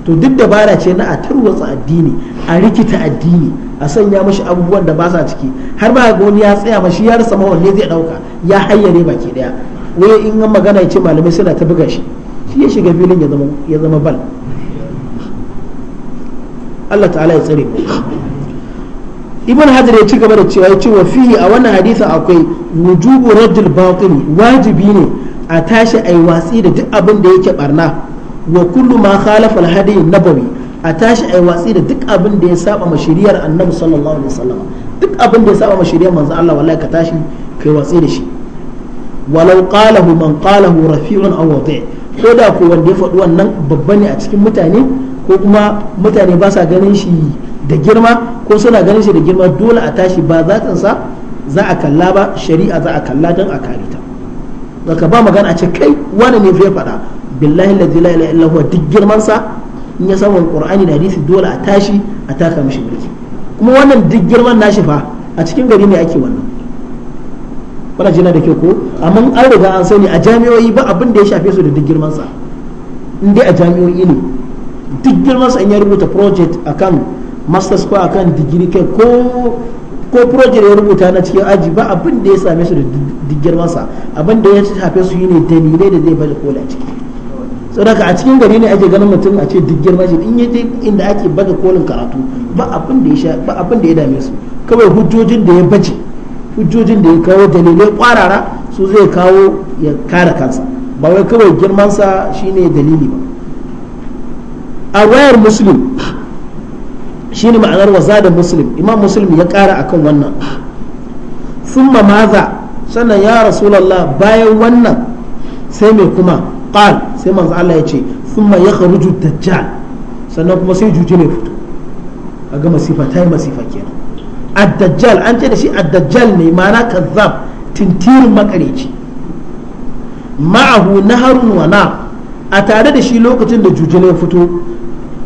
to duk da dabara ce na a tarwatsa addini a rikita addini a sanya mashi abubuwan da ba sa ciki har ba ga wani ya tsaya mashi ya rasa ne zai dauka ya hayyare baki daya wai in an magana ya ce malamai suna ta buga shi shi ya shiga filin ya zama bal Allah ta'ala ya tsare ibn hajar ya ci gaba da cewa ya ce wa fihi a wannan hadisa akwai wujubu raddul batil wajibi ne a tashi ayi watsi da duk abin da yake barna wa kullu ma khalafa al-hadi nabawi a tashi ai watsi da duk abin da ya saba ma shiriyar annabi sallallahu alaihi wasallam duk abin da ya saba ma shiriyar manzo Allah wallahi ka tashi kai watsi da shi walau qalahu man qalahu rafi'un aw wadi' ko da ko wanda ya faɗi wannan babba ne a cikin mutane ko kuma mutane ba sa ganin shi da girma ko suna ganin shi da girma dole a tashi ba zatansa za a kalla ba shari'a za a kalla don a kare ta zaka ba magana a ce kai wani ne fiye faɗa billahi allazi la ilaha illa huwa duk girman sa in ya samu qur'ani da hadisi dole a tashi a taka mishi birki kuma wannan duk girman nashi fa a cikin gari ne ake wannan wannan jina da ke ko amma an riga an sani a jami'o'i ba abin da ya shafe su da duk girman sa in dai a jami'o'i ne duk girman sa in ya rubuta project akan masters ko akan degree kai ko ko project ya rubuta na cikin aji ba abin da ya same su da digirmansa abin da ya shafe su yi ne dalilai da zai bada kola ciki saboda a cikin gari ne ake ganin mutum a ce duk girma shi in yaje inda ake baga kolin karatu ba abin da ya sha ba abin da ya dame su kawai hujjojin da ya baje hujjojin da ya kawo dalilai kwarara su zai kawo ya kare kansa ba wai kawai girmansa shine dalili ba a wayar muslim shine ma'anar waza da muslim imam muslim ya kara akan wannan thumma maza sannan ya rasulallah bayan wannan sai mai kuma qal sai manzo Allah ya ce thumma yakhruju dajjal sannan kuma sai juje ne fito kaga masifa ta yi masifa kenan ad an ce da shi adajal ne ma'ana kazzab tintirin makareci ma'ahu naharun wa na a tare da shi lokacin da juje ne fito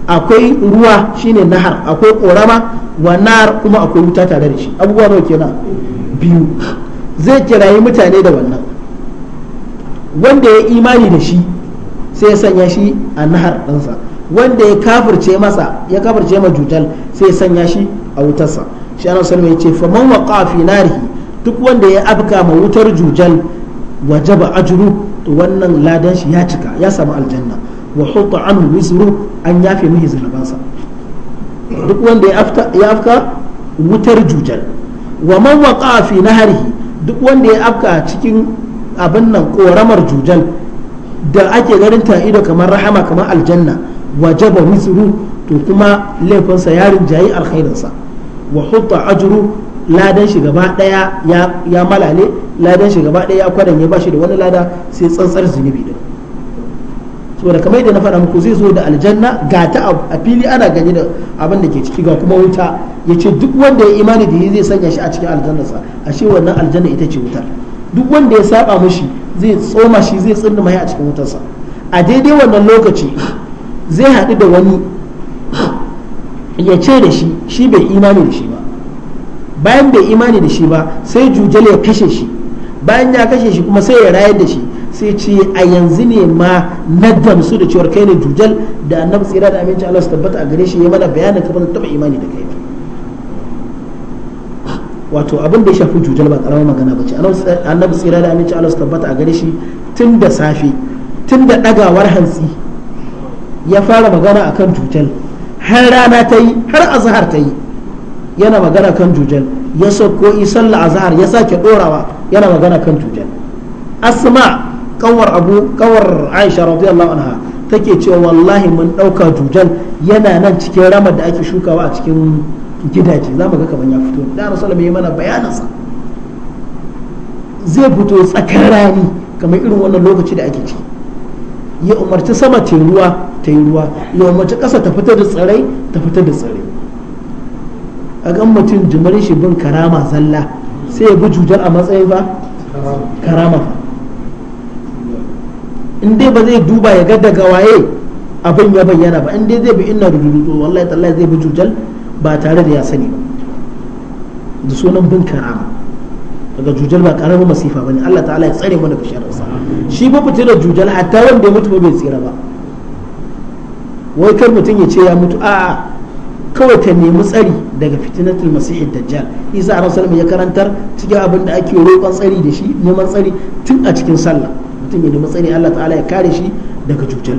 akwai ruwa shine nahar akwai ƙorama wa kuma akwai wuta tare da shi abubuwa nawa kenan biyu zai kirayi mutane da wannan wanda ya imani da shi sai ya sanya shi a nahar ɗansa wanda ya kafirce masa ya kafirce ma jutal sai ya sanya shi a wutarsa shi ana sallama ya ce fa man kafi na narihi duk wanda ya afka ma wutar jujal wajaba ajru to wannan ladan shi ya cika ya samu aljanna wa hutta anhu wisru an yafe mihi zunubansa duk wanda ya afka wutar jujal wa man waqa fi nahrihi duk wanda ya afka cikin abin nan koramar jujan da ake ganin ta ido kamar rahama kamar aljanna wajaba misru to kuma laifinsa ya rinjayi alkhairinsa wa hutta ajru ladan shi gaba daya ya malale ladan shi gaba daya ya kwadan ya bashi da wani lada sai tsantsar zunubi din saboda kamar yadda na faɗa muku zai zo da aljanna ga ta a fili ana gani da abin da ke ciki ga kuma wuta ya ce duk wanda ya imani da yi zai sanya shi a cikin aljannarsa ashe wannan aljanna ita ce wutar duk wanda ya saba mushi zai tsoma shi zai tsinda mai a cikin wutarsa a daidai wannan lokaci zai haɗu da wani ya ce da shi shi bai imani da shi ba bayan bai imani da shi ba sai jujal ya kashe shi bayan ya kashe shi kuma sai ya rayar da shi sai ce a yanzu ne ma na damsu da cewar kai ne jujal da annabi tsira da aminci Allah su tabbata a gare shi ya mana bayanin ka taba imani da kai ba wato abin da ya shafi jujal ba karamar magana ba ce annabi tsira da aminci Allah su tabbata a gare shi tun da safe tun da dagawar hantsi ya fara magana akan jujal har rana ta yi har azhar ta yi yana magana kan jujal ya sauko isan azhar ya sake dorawa yana magana kan jujal asma kawar abu kawar aisha radiyallahu anha take cewa wallahi mun ɗauka jujal yana nan cikin ramar da ake shukawa a cikin gidaje za mu ga kaman ya fito da rasulullah mai mana bayanansa zai fito tsakar rani kamar irin wannan lokaci da ake ciki ya umarci sama ta ruwa ta yi ruwa ya umarci ƙasa ta fitar da tsirai ta fitar da tsirai a gan mutum jimar shi bin karama zalla sai ya bi jujar a matsayi ba karama fa in dai ba zai duba ya ga daga waye abin ya bayyana ba in dai zai bi inna rubutu wallahi tallahi zai bi jujal ba tare da ya sani ba da sunan bin karama daga jujal ba karamin masifa bane Allah ta'ala ya tsare mana bishararsa shi ba fitar da jujal hatta wanda ya mutu ba bai tsira ba wai kar mutum ya ce ya mutu a'a kawai ka nemi tsari daga fitinatul masihid dajjal isa a mu ya karantar cikin abin da ake roƙon tsari da shi neman tsari tun a cikin sallah mutum ya nemi tsari Allah ta'ala ya kare shi daga jujal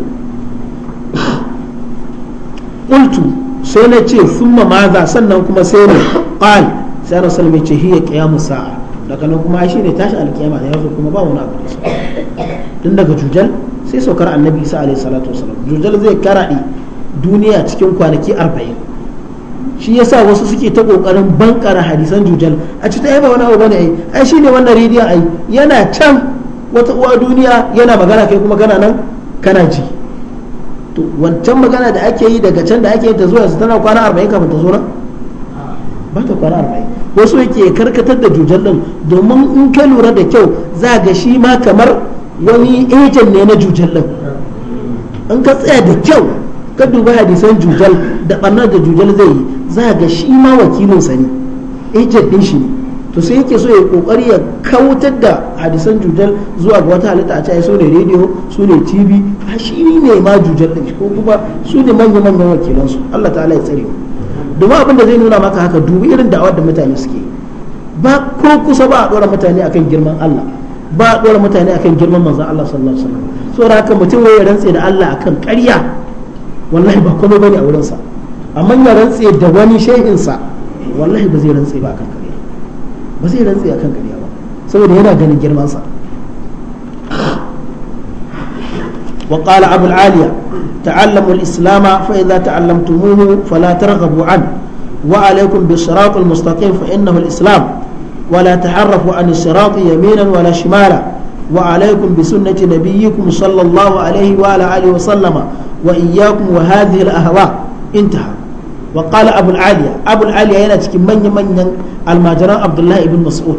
qultu sai na ce summa maza sannan kuma sai ne qal sai rasul mai ce hiya ƙiyamun sa'a daga nan kuma shi ne tashi alkiyama da yanzu kuma ba wani abu da tun daga jujal sai saukar annabi isa alaihi salatu wasalam jujal zai karaɗe duniya cikin kwanaki arba'in shi yasa wasu suke ta kokarin bankara hadisan jujal a ci ta ba wani abu bane ai ai shine wannan rediyon ai yana can wata uwa duniya yana magana kai kuma kana nan kana ji to wancan magana da ake yi daga can da ake yi ta zuwa su tana kwana arba'in kafin ta zo ba ta kwana arba'in wasu yake karkatar da jujal din domin in ka lura da kyau za ga shi ma kamar wani ejen ne na jujal din in ka tsaya da kyau ka duba hadisan jujal da ɓarnar da jujal zai yi za ga shi ma wakilin sani ne ejen din shi ne to sai yake so ya kokari ya kautar da hadisan jujal zuwa ga wata halitta a ce su ne rediyo su ne tv a shi ne ma jujal din ko kuma su ne manya manyan wakilan su Allah ta'ala ya tsare mu domin abin da zai nuna maka haka dubi irin da'awar da mutane suke ba ko kusa ba a dora mutane akan girman Allah ba a dora mutane akan girman manzon Allah sallallahu alaihi wasallam saboda haka mutum wai ya rantse da Allah akan ƙarya wallahi ba komai bane a wurin sa amma ya rantse da wani sa wallahi ba zai rantse ba akan ba zai rantsi a kan ƙarya ba saboda yana ganin girmansa wa ƙala abu aliya ta'allamu al-islama fa idza ta'allamtumuhu fala targhabu an wa alaykum bi sirati al-mustaqim fa innahu al-islam wa la taharrafu an sirati yamina wala shimala wa bi sunnati nabiyyikum sallallahu alayhi wa ala alihi wa sallama wa iyyakum wa ahwa intaha wa qala abul yana cikin manya manyan almajiran abdullahi ibn mas'ud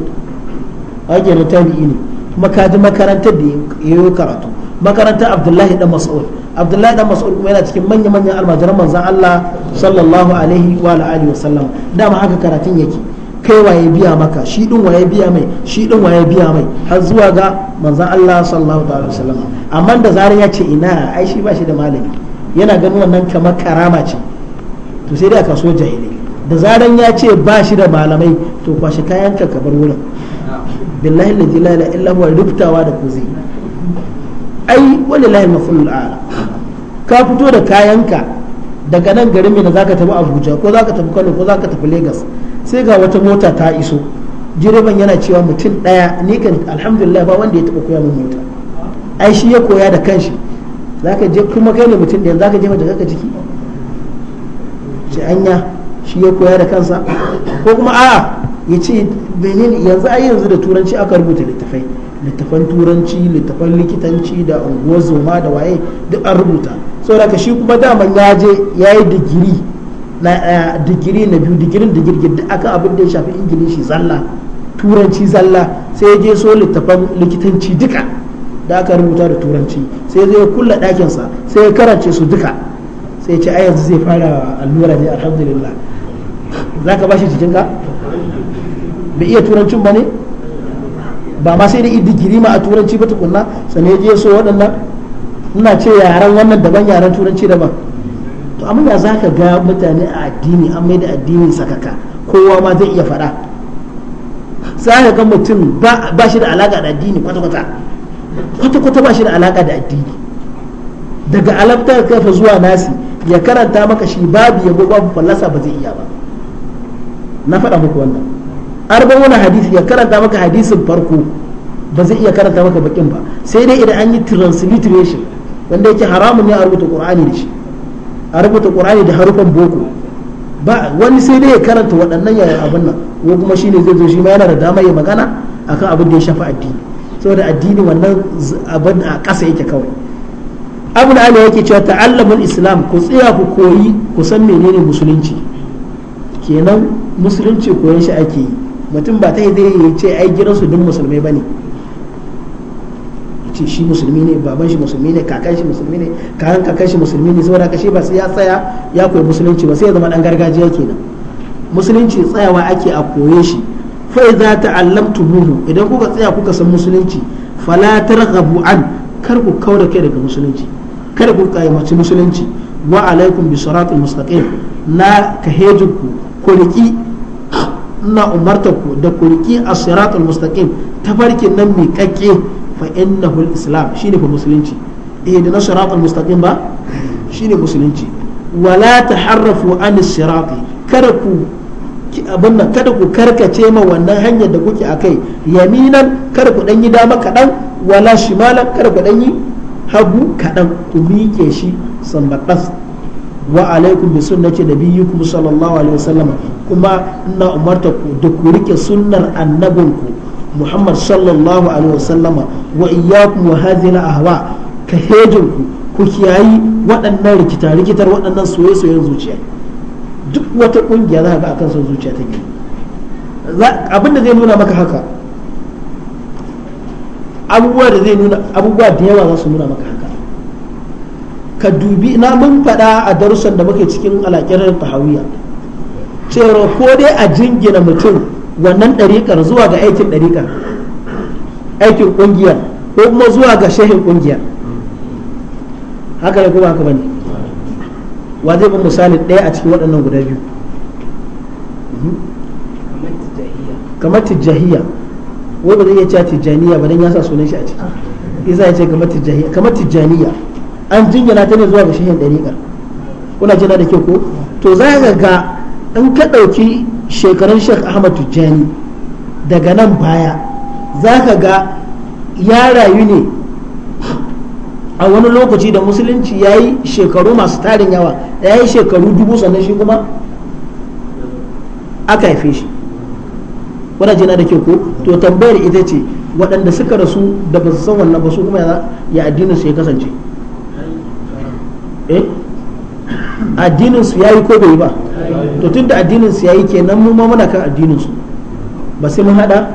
ake na tabi'i ne kuma ka makarantar da yayi karatu makarantar abdullahi dan mas'ud abdullahi dan mas'ud kuma yana cikin manya manyan almajiran manzon Allah sallallahu alaihi wa alihi wa sallam dama haka karatun yake kai waye biya maka shi din waye biya mai shi din waye biya mai har zuwa ga manzon Allah sallallahu alaihi wasallam amma da zarar ya ce ina ai shi ba shi da malami yana ganin wannan kamar karama ce to sai dai a kasuwar jahili da zaran ya ce ba shi da malamai to kwashe kayan ka bar wurin billahi alladhi la ilaha illa huwa rubtawa da kuzi. zai ai wallahi mafulul ala ka fito da ka daga nan garin za zaka tafi Abuja ko zaka tafi Kano ko zaka tafi Lagos sai ga wata mota ta iso direban yana cewa mutum daya ni kan alhamdulillah ba wanda ya taba koya min mota ai shi ya koya da kanshi zaka je kuma kai ne mutum da zaka je mata kaka ciki ce anya shi ya koya da kansa ko kuma a'a ya ce benin yanzu ai yanzu da turanci aka rubuta littafai littafan turanci littafan likitanci da unguwar zoma da waye duk an rubuta saboda ka shi kuma daman ya je ya yi digiri na eh, digiri na biyu digirin girgir duk akan abin da ya shafi ingilishi zalla turanci zalla sai ya je so littafan likitanci duka da aka rubuta da turanci sai zai kulla ɗakinsa sai ya karance su duka sai ce ayyanzu zai fara allura ne alhamdulillah za ka ba shi ka bai iya turancin ba ne ba ma sai da digiri ma a turanci ba tukunna sannan ya je so waɗannan ina ce yaren wannan daban yaren turanci daban to amma ya za ka ga mutane a addini an mai da addini sakaka kowa ma zai iya faɗa sai ka ga mutum ba shi da alaƙa da addini kwata-kwata kwata-kwata ba shi da alaƙa da addini daga alabta kafa zuwa nasi ya karanta maka shi babu ya yabo babu fallasa ba zai iya ba na faɗa muku wannan arba wani hadisi ya karanta maka hadisin farko ba zai iya karanta maka bakin ba sai dai idan an yi transliteration wanda yake haramun ne a rubuta qur'ani da shi a rubuta qur'ani da harufan boko ba wani sai dai ya karanta waɗannan yayin abin nan ko kuma shine zai zo shi ma yana da dama ya magana akan abin da ya shafa addini saboda addini wannan abin a ƙasa yake kawai abu da ala yake cewa ta'allamul islam ku tsaya ku koyi ku san menene musulunci kenan musulunci koyon shi ake yi mutum ba ta yi zai ce ai gidan su duk musulmai bane ce shi musulmi ne baban shi musulmi ne kakan shi musulmi ne kakan kakan shi musulmi ne saboda kashe ba sai ya tsaya ya koyi musulunci ba sai ya zama dan gargajiya kenan musulunci tsayawa ake a koye shi fa idza ta'allamtumuhu idan kuka tsaya kuka san musulunci fala targhabu an kar ku kauda kai daga musulunci kada ku kayyaci musulunci wa alaikum bi siratul mustaqim na ka ku ku riki na umartar ku da ku riki as-siratul mustaqim tafarkin nan mai kakke fa innahu al-islam shine fa musulunci eh da siratul mustaqim ba shine musulunci wala taharrafu an sirati kada ku abin nan kada ku karkace ma wannan hanyar da kuke akai yaminan kada ku dan yi dama kadan wala shimalan kada ku dan yi hagu kaɗan ku miƙe shi sambaɗas wa alaikum bi sunnati kuma sallallahu alaihi wasallam kuma ina umarta ku da ku rike sunnar annabinku muhammad sallallahu alaihi wasallama wa iyyakum wa hadhihi ahwa ka hejinku ku kiyayi waɗannan rikita rikitar waɗannan soye-soyen zuciya duk wata ƙungiya za ka ga akan son zuciya ta abin Abinda zai nuna maka haka abubuwa da zai nuna abubuwa da yawa za su nuna maka haka ka dubi na mun faɗa a darussan da muke cikin alaƙirar tahawiyya cewa ko dai a jingina mutum wannan ɗariƙar zuwa ga aikin ɗariƙar aikin ƙungiyar ko kuma zuwa ga shehin ƙungiyar haka ne kuma haka bane wa zai bi misali ɗaya a cikin waɗannan guda biyu mhm. kamar tijjahiyya wai ba zai iya cewa tijjaniya ba don ya sa sunan shi a ciki isa ya ce kamar tijjaniya an jingina ta ne zuwa ga shehin dariƙa kuna jina da kyau ko to za ka ga in ka ɗauki shekarun shek ahmad tijjani daga nan baya za ka ga ya rayu ne a wani lokaci da musulunci ya yi shekaru masu tarin yawa ya yi shekaru dubu sannan shi kuma aka haife shi kuna na da kyau ko to tambayar ita ce waɗanda suka rasu da ba su san wannan ba su kuma ya addinin su ya kasance eh addinin su yayi ko bai ba to tunda addinin su yayi kenan mu ma muna kan addinin su ba sai mun hada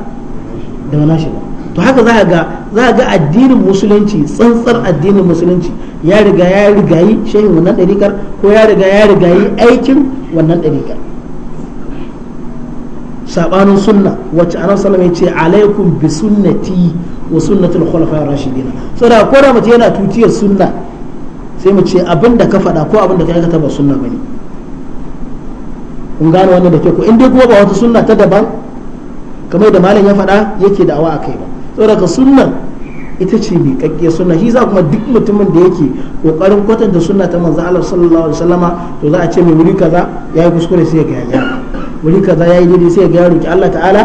da wani shi ba to haka za ga za ga addinin musulunci tsantsar addinin musulunci ya riga ya rigayi shehin wannan ɗarikar ko ya riga ya rigayi aikin wannan ɗarikar sabanin sunna wacce anan salama ya ce alaikum bi sunnati wa sunnatul khulafa'ir so da ko da mace yana tutiyar sunna sai mu ce abin da ka faɗa ko abin da ka aikata ba sunna bane kun gane wannan da ke ko in kuma ba wata sunna ta daban kamar da malam ya faɗa yake da awa akai ba da ka sunna ita ce mai kakkiyar sunna shi za kuma duk mutumin da yake kokarin kwatanta sunna ta manzo Allah sallallahu alaihi wasallama to za a ce mai wuri kaza yayi kuskure sai ya ga ya wuri kaza yayi daidai sai ga ya roki Allah ta'ala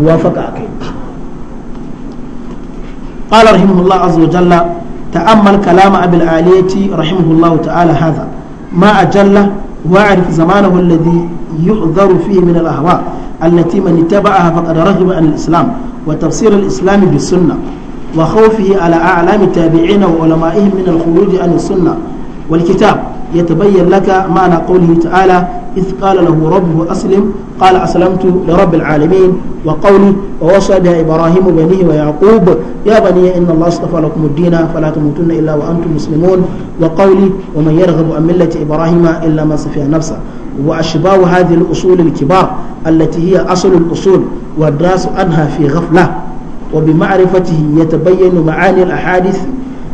muwafaqa akai قال رحمه الله عز وجل تأمل كلام أبي العالية رحمه الله تعالى هذا ما أجل واعرف زمانه الذي يحذر فيه من الأهواء التي من اتبعها فقد رغب عن الإسلام وتفسير الإسلام بالسنة وخوفه على أعلام التابعين وعلمائهم من الخروج عن السنة والكتاب يتبين لك معنى قوله تعالى إذ قال له ربه أسلم قال أسلمت لرب العالمين وقولي ووصى بها إبراهيم بنيه ويعقوب يا بني إن الله اصطفى لكم الدين فلا تموتن إلا وأنتم مسلمون وقولي ومن يرغب عن ملة إبراهيم إلا من سفه نفسه وأشباه هذه الأصول الكبار التي هي أصل الأصول والدراس عنها في غفلة وبمعرفته يتبين معاني الأحاديث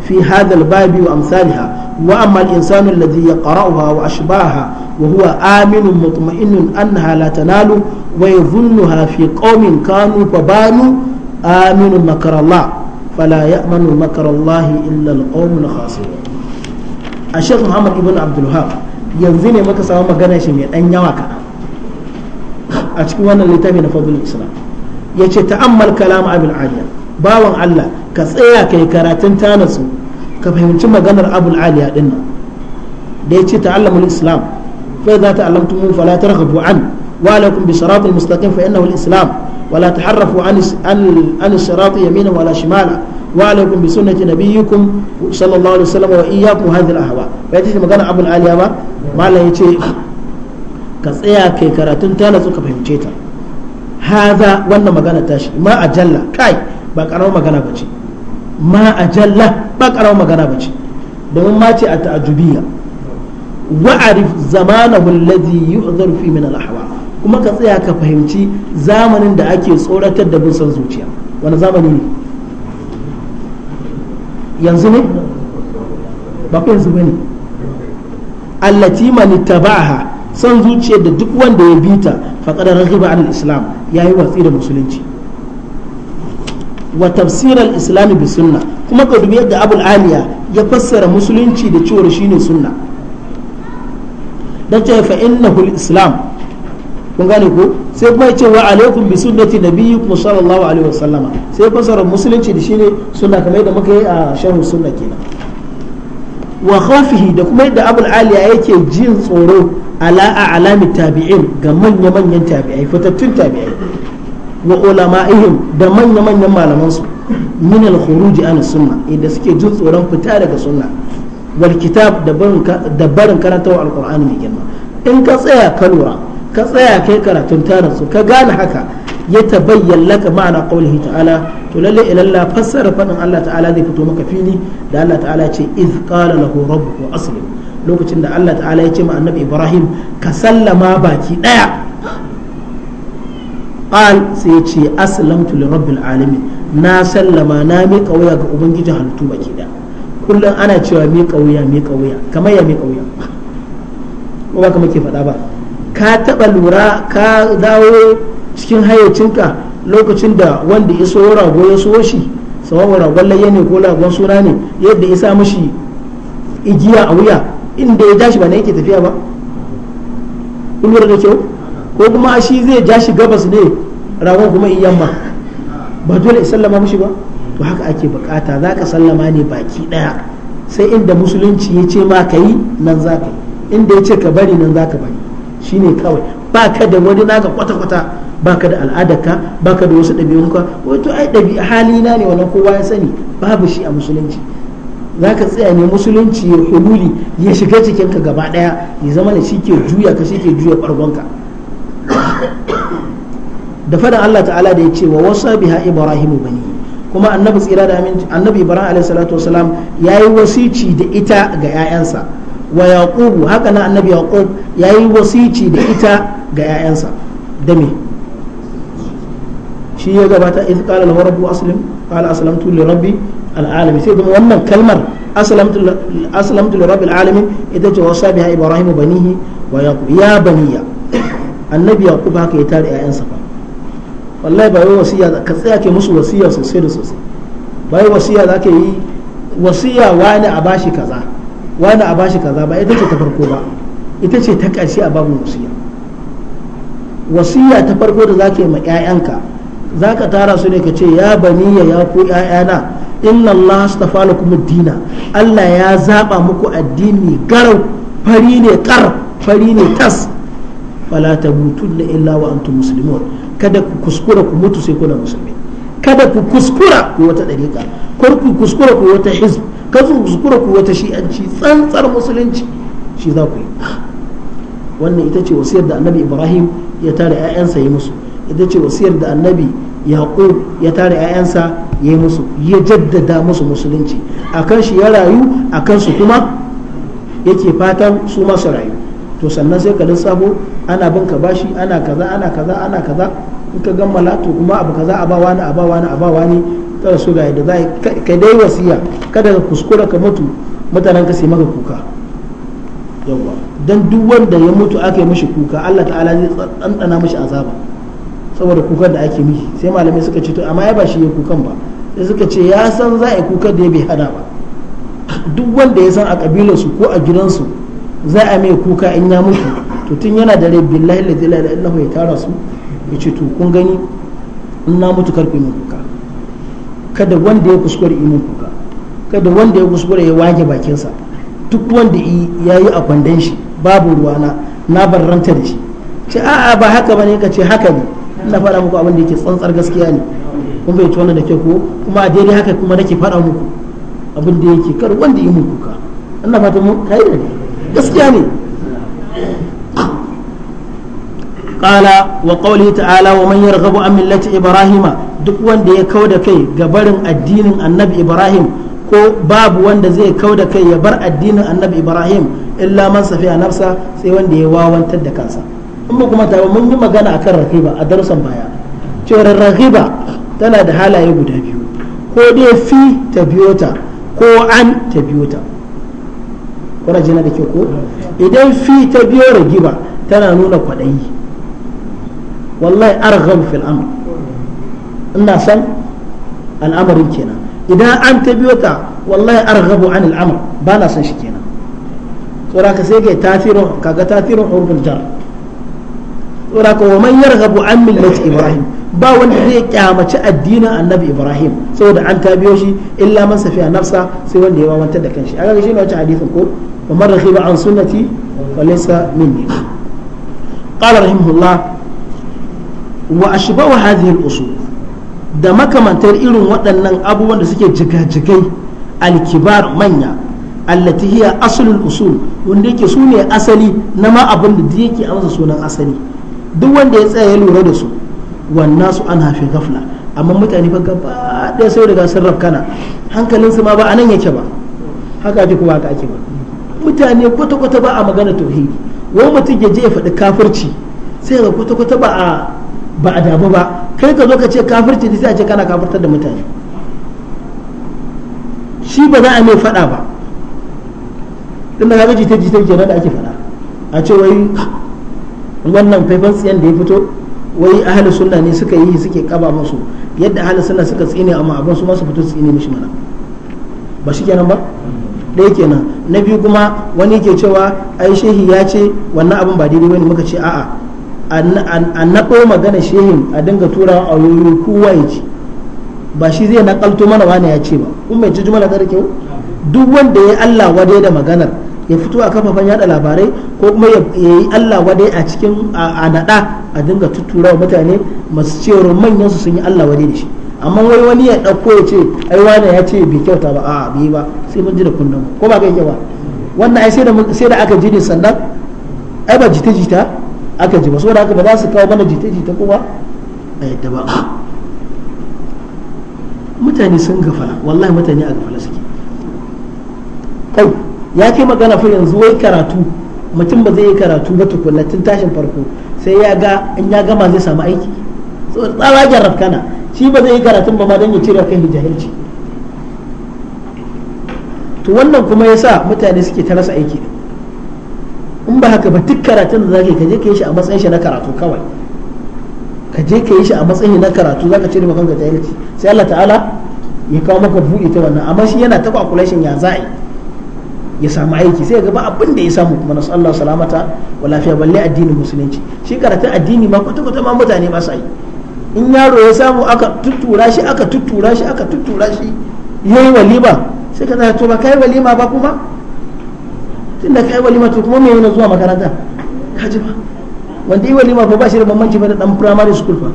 في هذا الباب وأمثالها وأما الإنسان الذي يقرأها وأشباهها وهو آمن مطمئن أنها لا تنال ويظنها في قوم كانوا فبانوا آمن مكر الله فلا يأمن مكر الله إلا القوم الخاسرون الشيخ محمد بن عبد الوهاب ينزل مكة سوا مغانا شمي أن يواكا أتكون وانا لتابي نفضل الإسلام يتي تأمل كلام أبي العالية باوان الله كسيا كي كراتن تانسو كفهمتما غنر أبو العالية لنا da ya ce ta'allamul islam فإذا تعلمتموه فلا ترغبوا عنه وعليكم بصراط المستقيم فإنه الإسلام ولا تحرفوا عن عن الصراط يمينا ولا شمالا وعليكم بسنة نبيكم صلى الله عليه وسلم وإياكم هذه الأهواء فيتيجي مغانا أبو العالية با ما لا يتي كسيا كي كراتون تالا سوكا فهمتيتا هذا وانا مغانا تاشي ما أجلا كاي باك أنا مغانا بجي ما أجلا باك أنا مغانا بجي دون ما تي التعجبية wa'arif zamanahu alladhi yuhdhar fi min al kuma ka tsaya ka fahimci zamanin da ake tsoratar da bin son zuciya wani zamani ne yanzu ne ba ku yanzu bane allati man ittabaha san zuciyar da duk wanda ya bita faqad raghiba an al-islam yayi watsi da musulunci wa tafsir al-islam bi sunna kuma ka dubi yadda abul aliya ya fassara musulunci da cewa shine sunna dan ce fa innahu islam kun gane ko sai kuma ce wa alaikum bi sunnati nabiyyikum sallallahu alaihi wasallama sai fasarar musulunci da shine sunna kamar yadda muka yi a sharhu sunna kenan wa khafihi da kuma yadda abul aliya yake jin tsoro ala a'lami tabi'in ga manya manyan tabi'ai fatattun tabi'ai wa ulama'ihim da manya manyan malaman su min al-khuruj an sunna idan suke jin tsoron fita daga sunna walkitab da barin wa alkur'ani mai girma in ka tsaya ka lura ka tsaya kai karatun tarin su ka gane haka ya tabayyan laka ma'ana qaulihi ta'ala to lalle ilalla fassara faɗin Allah ta'ala zai fito maka fili da Allah ta'ala ce iz na lahu ko aslim lokacin da Allah ta'ala ya ce ma annabi Ibrahim ka sallama baki ɗaya al sai ce aslamtu rabbil alamin na sallama na mika waya ga ubangijin halittu baki ɗaya kullum ana cewa mi kauya mi kauya kamar ya mi kauya ko ba kamar ke faɗa ba ka taɓa lura ka dawo cikin hayyacinka lokacin da wanda iso rago ya so shi sawawar ragon layya ne ko ragon suna ne yadda isa sa mashi igiya a wuya inda ya jashi ba na yake tafiya ba kun lura da kyau ko kuma shi zai jashi gabas ne ragon kuma iyamma ba dole isallama mashi ba to haka ake bukata za ka sallama ne baki daya sai inda musulunci ya ce ma ka yi nan za ka yi inda ya ce ka bari nan za ka bari shine kawai ba ka da wani naka kwata-kwata ba ka da al'adarka ba ka da wasu ɗabi'unka wato ai hali na ne wannan kowa ya sani babu shi a musulunci za ka tsaya ne musulunci ya hululi ya shiga cikinka gaba ɗaya ya zama da shi ke juya ka shi ke juya ɓargonka da faɗin Allah ta'ala da ya ce wa wasa biha ibrahimu bani kuma annabi tsira da aminci annabi ibrahim alaihi salatu wasalam yayi wasici da ita ga yayansa wa yaqub haka na annabi yaqub yayi wasici da ita ga yayansa da me shi ya gabata in qala lahu rabbu aslim qala aslamtu li rabbi al'alami sai kuma wannan kalmar aslamtu aslamtu rabbi rabbil alamin ita ce wasa biha ibrahim banihi wa yaqub ya baniya annabi yaqub haka ya tare yayansa fa wallahi ba wai wasiya ka tsaya ke musu wasiya sosai da sosai ba wai wasiya za ka yi wasiya wani a bashi kaza wani a bashi kaza ba ita ce ta farko ba ita ce ta ƙarshe a babu wasiya wasiya ta farko da za ka yi ma 'ya'yanka za ka tara su ne ka ce ya bani ya ku 'ya'yana inna Allah astafa lakum dina Allah ya zaba muku addini garau fari ne kar fari ne tas fala tamutunna illa wa antum muslimun kada ku kuskura ku mutu sai kuna musulmi kada ku kuskura ku wata dariƙa kar ku kuskura ku wata hizb kar ku kuskura ku wata shi'anci tsantsar musulunci shi za ku yi wannan ita ce wasiyar da annabi ibrahim ya tare 'ya'yansa ya musu ita ce wasiyar da annabi yaqub ya tare 'ya'yansa ya yi musu ya jaddada musu musulunci akan shi ya rayu akan su kuma yake fatan su masu rayu to sannan sai ka lissafo ana bin ka bashi ana kaza ana kaza ana kaza in ka gammala to kuma abu kaza a bawa ni a bawa ni a bawa ni kada so ga yadda za ka dai wasiya kada ka kuskura ka mutu mutanen ka sai maka kuka yawa dan duk wanda ya mutu aka yi mishi kuka Allah ta'ala zai tsantsana mishi azaba saboda kukan da ake mishi sai malamai suka ce to amma ya ba shi ya kukan ba sai suka ce ya san za a yi kukan da ya bai hada ba duk wanda ya san a kabilarsu ko a gidansu za a mai kuka in ya mutu to tun yana da rai billahi lazi la ilaha ya tara su ya ce to kun gani in na mutu karku min kuka kada wanda ya kuskure imin kuka kada wanda ya kuskure ya wage bakinsa duk wanda ya yi a kwandon shi babu ruwana na barranta da shi ce a'a ba haka bane ka ce haka ne ina faɗa muku abin da yake tsantsar gaskiya ne kun bai wannan da ke ko kuma a daidai haka kuma nake faɗa muku abin da yake kar wanda yi kuka ka ina fata mun kai ne gaskiya ne قال وقوله تعالى ومن يرغب عن ملة إبراهيم duk wanda ya kau da kai ga barin addinin annabi ibrahim ko babu wanda zai kau da kai ya bar addinin annabi ibrahim illa man safi a nafsa sai wanda ya wawantar da kansa in ba kuma tabi mun yi magana akan rahiba a darussan baya cewar rahiba tana da halaye guda biyu ko dai fi ta biyo ta ko an ta biyo ta kuna jina da ke ko idan fi ta biyo ragiba tana nuna kwaɗayi wallahi arghab fil amr ina san al'amarin kenan idan an ta biyo ta wallahi arghabu an al'amr ba na san shi kenan tsora ka sai ga tasirin kaga tasirin hurful jar tsora ka wa man yarghabu an millati ibrahim ba wanda zai kyamaci addinin annabi ibrahim saboda an ta biyo shi illa man safiya nafsa sai wanda ya mamantar da kanshi aka ga shi ne wacce hadisin ko wa man rakhiba an sunnati wa laysa minni qala rahimahullah wa wa hadhihi al-usul da makamantar irin waɗannan abubuwan da suke jigajigai alkibar manya allati hiya al usul wanda yake su ne asali na ma abin da yake amsa sunan asali duk wanda ya tsaya ya lura da su wannan su an hafi gafla amma mutane fa gaba ɗaya sai daga sun rafkana su ma ba anan yake ba haka ake kuma haka ake ba mutane kwata-kwata ba a magana tauhidi wani mutum ya je ya faɗi kafirci sai ga kwata-kwata ba a ba a damu ba kai ka zo ka ce kafirci ne sai a ce kana kafirtar da mutane shi ba za a mai faɗa ba din da kaga jita jita kenan da ake faɗa a ce wai wannan faifan tsiyan da ya fito wai ahli sunna ne suka yi suke kaba musu yadda ahli sunna suka tsine amma abin su ma su fito tsine mishi mana ba shi kenan ba ɗaya kenan na biyu kuma wani ke cewa ai shehi ya ce wannan abin ba daidai bane muka ce a'a a naɓo magana shehin a dinga turawa a wuri kowa ya ce ba shi zai naƙalto mana wani ya ce ba kuma mai ci jumla ta da kyau duk wanda ya Allah wadai da maganar ya fito a kafafen yada labarai ko kuma ya yi Allah wadai a cikin a naɗa a dinga tuttura wa mutane masu cewar manyan su sun yi Allah wadai da shi amma wai wani ya dauko ya ce ai wani ya ce bai kyauta ba a'a bai ba sai mun ji da kunnan ko ba kai ba wannan ai sai sai da aka ji ne sannan ai ba jita jita aka ji ba saboda haka ba za su kawo mana jita-jita kowa a yadda ba ah! mutane sun gafala wallahi mutane a gafala suke kai ya kai magana fa yanzu wai karatu mutum ba zai yi karatu ba tukunna tun tashin farko sai ya ga in ya gama zai samu aiki saboda tsawagen rafkana shi ba zai yi karatun ba ma don ya cire kan jahilci to wannan kuma yasa mutane suke ta rasa aiki din in ba haka ba duk karatun da zaka ka je ka yi shi a matsayin shi na karatu kawai ka je ka yi shi a matsayin shi na karatu zaka cire maka kanka jahilci sai Allah ta'ala ya kawo maka buɗe ta wannan amma shi yana ta kulashin ya za'i ya samu aiki sai ga ba abin da ya samu kuma nasu Allah salamata wa lafiya balle addinin musulunci shi karatun addini ma kwata kwata ma mutane ba sa yi in yaro ya samu aka tuttura shi aka tuttura shi aka tuttura shi yayi walima sai ka zai to ba kai walima ba kuma tunda kai walima to kuma me yana zuwa makaranta ka ji ba wanda yi walima fa ba shi da bambanci ba da dan primary school fa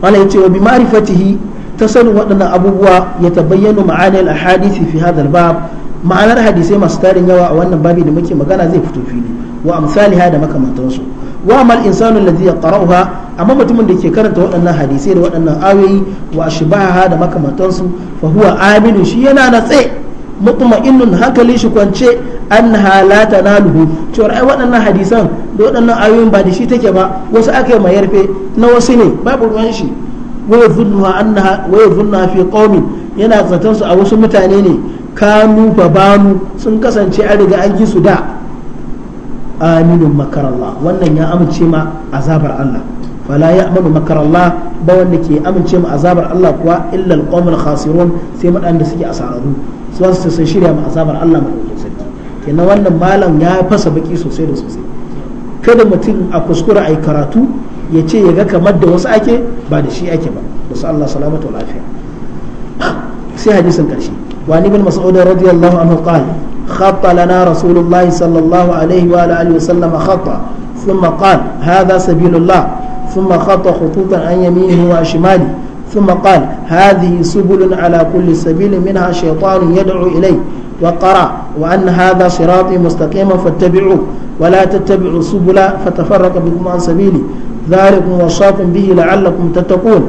wala yace wa bi ma'rifatihi tasallu waɗannan abubuwa ya tabayyanu ma'ani al-ahadisi fi hadha al ma'anar hadisai masu tarin yawa a wannan babi da muke magana zai fito fili wa ha da makamantansu wa mal insanu allazi yaqra'uha amma mutumin da ke karanta waɗannan hadisai da waɗannan ayoyi wa ashbaha da makamantansu fa huwa aminu shi yana natse mutma'innun hankali shi kwance annaha la tanaluhu cewa ai waɗannan hadisan da waɗannan ayoyin ba da shi take ba wasu aka yi mayarfe na wasu ne babu ruwan shi waya zunnuha annaha waya zunnuha fi qaumi yana zaton su a wasu mutane ne kanu babanu sun kasance an riga an su da aminun makarallah wannan ya amince ma azabar Allah fala ya'manu makarallah ba wanda ke amince ma azabar Allah kuwa illa alqawmul khasirun sai waɗanda suke asararru su su sai shirya ma azabar Allah madaukakin sarki kenan wannan malam ya fasa baki sosai da sosai kada mutum a kuskura ai karatu ya ce ya ga kamar da wasu ake ba da shi ake ba wasu Allah salamatu lafiya sai hadisin karshe wa ibn mas'ud radiyallahu anhu qala خط لنا رسول الله صلى الله عليه وآله وسلم خطا ثم قال هذا سبيل الله ثم خط خطوطا عن يمينه وشماله ثم قال هذه سبل على كل سبيل منها شيطان يدعو إليه وقرأ وأن هذا صراطي مستقيما فاتبعوه ولا تتبعوا السبل فتفرق بكم عن سبيلي ذلكم وصاكم به لعلكم تتقون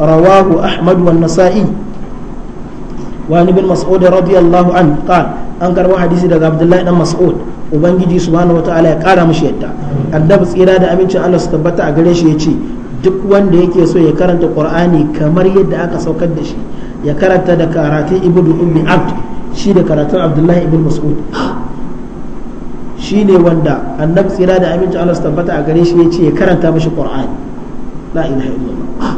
رواه أحمد والنسائي وعن ابن مسعود رضي الله عنه قال an karbo hadisi daga abdullahi dan mas'ud ubangiji subhanahu wataala ya kara mishi yadda annabi tsira da amincin Allah su tabbata a gare shi ya ce duk wanda yake so ya karanta qur'ani kamar yadda aka saukar da shi ya karanta da karatun ibnu ummi abd shi da karatun abdullahi ibn mas'ud shi ne wanda annabi tsira da amincin Allah su tabbata a gare shi ya ce ya karanta mishi qur'ani la ilaha illallah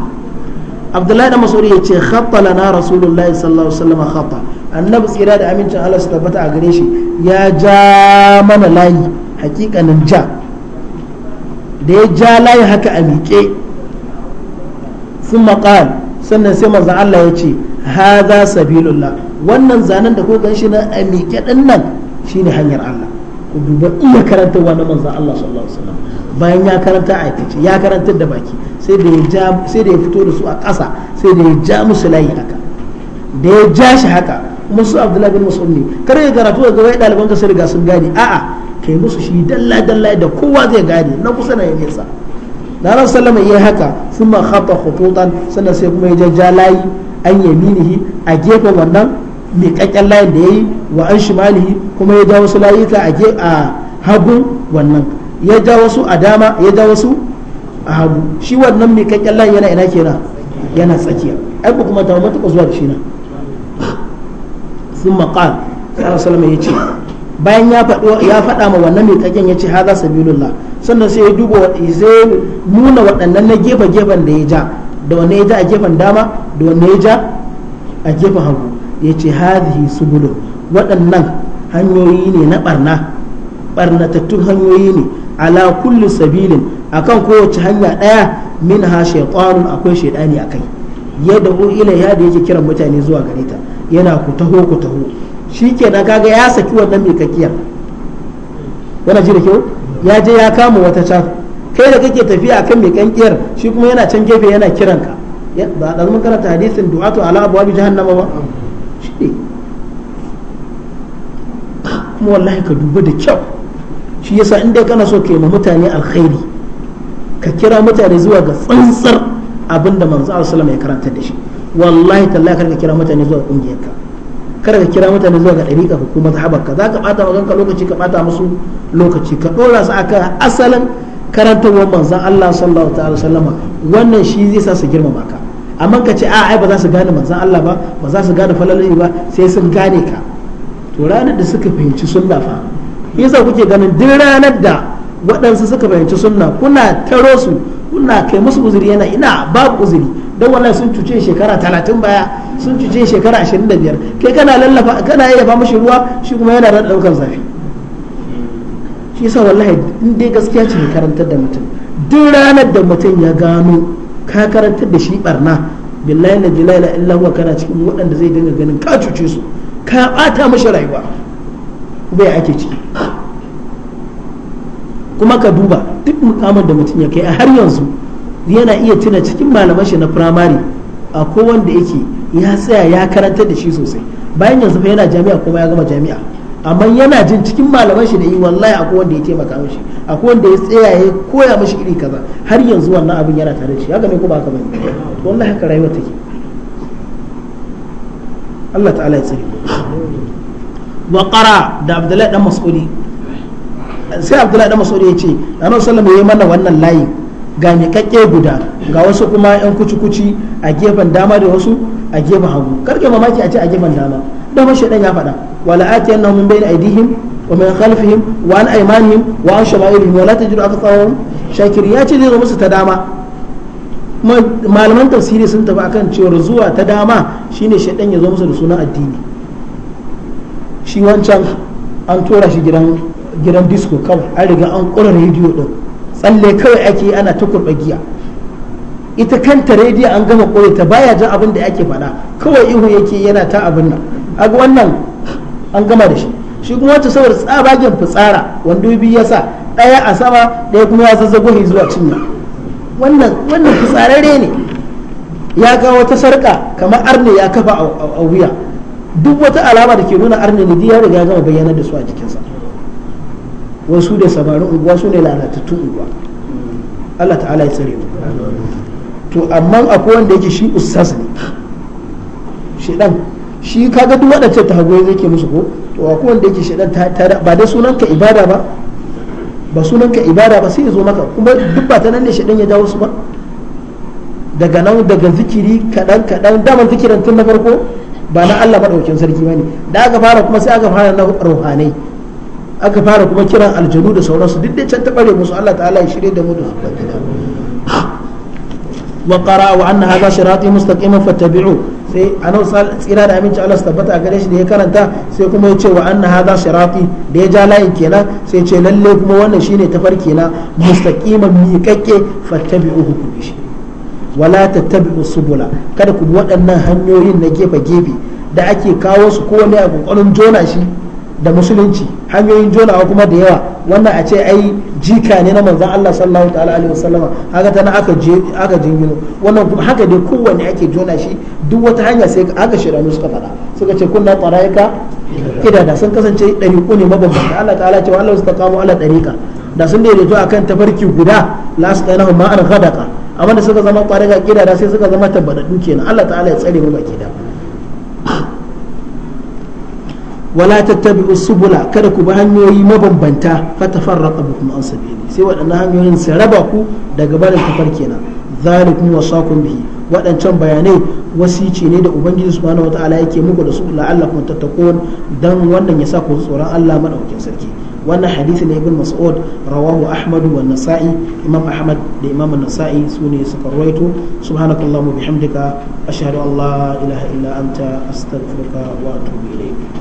abdullahi da masori ya ce khatta lana rasulullahi sallallahu alaihi khatta annabi tsira da amincin Allah su tabbata a gare shi ya ja mana layi hakikanin ja da ya ja layi haka a miƙe sun maƙal sannan sai manzan Allah ya ce haza sabilullah wannan zanen da ko ganshi na a miƙe ɗin nan shine hanyar Allah ku duba iya karanta wani manzan Allah sallallahu alaihi wasallam bayan ya karanta a ya karanta da baki sai da ya ja sai da ya fito da su a ƙasa sai da ya ja musu layi haka da ya ja shi haka musu Abdullahi bin Mas'ud ne kar ya karatu ga wai ɗaliban ka sai riga sun gane a'a kai musu shi dalla dalla da kowa zai gane na kusa na nesa da ran sallama yayi haka sun ma khata khututan sannan sai kuma ya ja layi an yaminihi a gefen wannan miƙaƙƙen layin da ya yi wa an shimalihi kuma ya ja wasu layuka a hagu wannan ya ja wasu a dama ya ja wasu a hagu shi wannan miƙaƙƙen layin yana ina kenan yana tsakiya ai ba kuma ta matuƙa zuwa da shi na sun maƙal tsara salama ya ce bayan ya faɗa ma wannan miƙaƙƙen ya ce haza sabilullah sannan sai ya duba sai nuna waɗannan na gefe-gefen da ya ja da wanne ya ja a gefen dama da wanne ya ja a gefen hagu ya ce su subulun waɗannan hanyoyi ne na barna barnatattun hanyoyi ne ala kulli sabilin akan kowace hanya ɗaya min ha shaitanun akwai shaidani a kai yadda ila ya da yake kiran mutane zuwa gare ta yana ku taho ku taho shikenan kaga ya saki wannan mai kakiyar yana ji kyau ya je ya kama wata can kai da kake tafiya akan mai kankiyar shi kuma yana can gefe yana kiranka ba da mun karanta hadisin du'atu ala abwabi nama ba shi kuma wallahi ka duba da kyau shi yasa in dai kana so ke ma mutane alkhairi ka kira mutane zuwa ga tsantsar abinda manzo Allah sallallahu ya karanta da shi wallahi tallahi kar ka kira mutane zuwa kungiyarka kar ka kira mutane zuwa ga dariƙa ka kuma zahabarka za ka bata ka lokaci ka bata musu lokaci ka dora su akan asalin karantarwar manzon Allah sallallahu ta'ala sallama wannan shi zai sa su girmama ka amma ka ce a ai ba za su gane manzan Allah ba ba za su gane falalai ba sai sun gane ka to ranar da suka fahimci sunna fa yasa kuke ganin duk ranar da waɗansu suka fahimci sunna kuna taro su kuna kai musu uzuri yana ina babu uzuri don wallahi sun cuce shekara talatin baya sun cuce shekara ashirin kai kana lallafa kana yayyafa mushi ruwa shi kuma yana da daukar zafi shi yasa wallahi in dai gaskiya ce karantar da mutum duk ranar da mutum ya gano ka karantar da shi barna billahi na ilaha illa huwa kana cikin waɗanda zai dinga ganin ka cuce su ka bata mashi rayuwa bai ake ciki kuma ka duba duk mukamin da mutum ya kai a har yanzu yana iya tuna cikin malaman shi na firamare a wanda yake ya tsaya ya karantar da shi sosai bayan yanzu fa yana jami'a kuma ya gama jami'a amma yana jin cikin malaman shi da yi wallahi a wanda ya taimaka mishi a wanda ya tsaya ya koya mishi iri kaza har yanzu wannan abin yana tare da shi haka ne kuma haka bane wallahi haka rayuwar take Allah ta'ala ya tsare wa qara da Abdullahi dan Mas'udi sai Abdullahi dan Mas'udi ya ce Annabi sallallahu alaihi mana wannan layi ga miƙaƙƙe guda ga wasu kuma yan kuci-kuci a gefen dama da wasu a gefen hagu karke mamaki a ce a gefen dama dama shaidan ya faɗa wala annahum min bayni aydihim wa min khalfihim wa an aymanihim wa an shama'ilihim wa la tajidu aktharahum shakiri ya ce zai zo musu ta dama malaman tafsiri sun tafi akan cewar zuwa ta dama shine shaidan ya zo musu da sunan addini shi wancan an tura shi gidan gidan disco kawai an riga an kura rediyo din tsalle kawai ake ana ta kurɓa giya ita kanta rediyo an gama ƙure ta baya jin abin da ake faɗa kawai ihu yake yana ta abin nan aga wannan an gama da shi shi kuma wata saboda tsabagen fitsara wando biyu ya sa ɗaya a sama ɗaya kuma ya zazzago shi zuwa cinya wannan wannan fitsararre ne ya ga wata sarka kamar arne ya kafa a wuya duk wata alama da ke nuna arne ne ya riga gama bayyanar da su a jikinsa wasu da samarin unguwa su ne lalatattun unguwa Allah ta'ala ya tsare to amma akwai wanda yake shi ustaz ne shi dan shi kaga duk waɗancan tahagoyi zai ke musu ko to a wanda yake shaidan ta ba dai sunan ka ibada ba ba sunan ka ibada ba sai ya zo maka kuma duk ba ta nan ne shaidan ya dawo su ba daga nan daga zikiri kaɗan kaɗan daman zikirin tun na farko ba na Allah maɗaukin sarki ba ne da aka fara kuma sai aka fara na ruhanai aka fara kuma kiran aljanu da sauransu duk da can ta bare musu Allah ta'ala ya shirye da mu da su wa qara wa anna hadha sirati mustaqiman fattabi'u sai nan tsira da aminci Allah tabbata a gare shi da ya karanta sai kuma ya ce wa anna haza shirafi da ya ja layin kenan sai ce lalle kuma wannan shine tafarki na mustaqiman miƙaƙe fattabi'uhu ku bi shi wala tattabi'u subula kada ku bi waɗannan hanyoyin na gefe gefe da ake kawo su ko ne a kokarin jona shi da musulunci hanyoyin jonawa kuma da yawa wannan a ce ai jika ne na manzan Allah sallallahu ta'ala alaihi wasallama haka ta aka aka jingino wannan kuma haka dai kowanne ake jona shi duk wata hanya sai aka shiranu suka fada suka ce kunna taraika idada sun kasance ɗariƙu ne mabambanta Allah ta'ala ce Allah suka kamo ala ɗariƙa da sun daidaito akan tafarki guda la su ɗanahu ma'an ghadaka amma da suka zama ƙwararra ƙidada sai suka zama tabbadaddu kenan Allah ta'ala ya tsare mu baki da wala tattabi'u subula kada ku bi hanyoyi mabambanta fatafarraqa bikum an sabili sai waɗannan hanyoyin su raba ku daga barin tafarki na zalikum wasakum bihi waɗancan bayanai wasici ne da ubangiji subhanahu wataala yake muku da su la'allakum tattaqun dan wannan ya sa ku tsoron Allah madaukakin sarki wannan hadisi ne ibn mas'ud rawahu ahmad wa nasa'i imam ahmad da imam nasa'i sune suka rawaito subhanakallahumma bihamdika ashhadu an la ilaha illa anta astaghfiruka wa atubu ilayk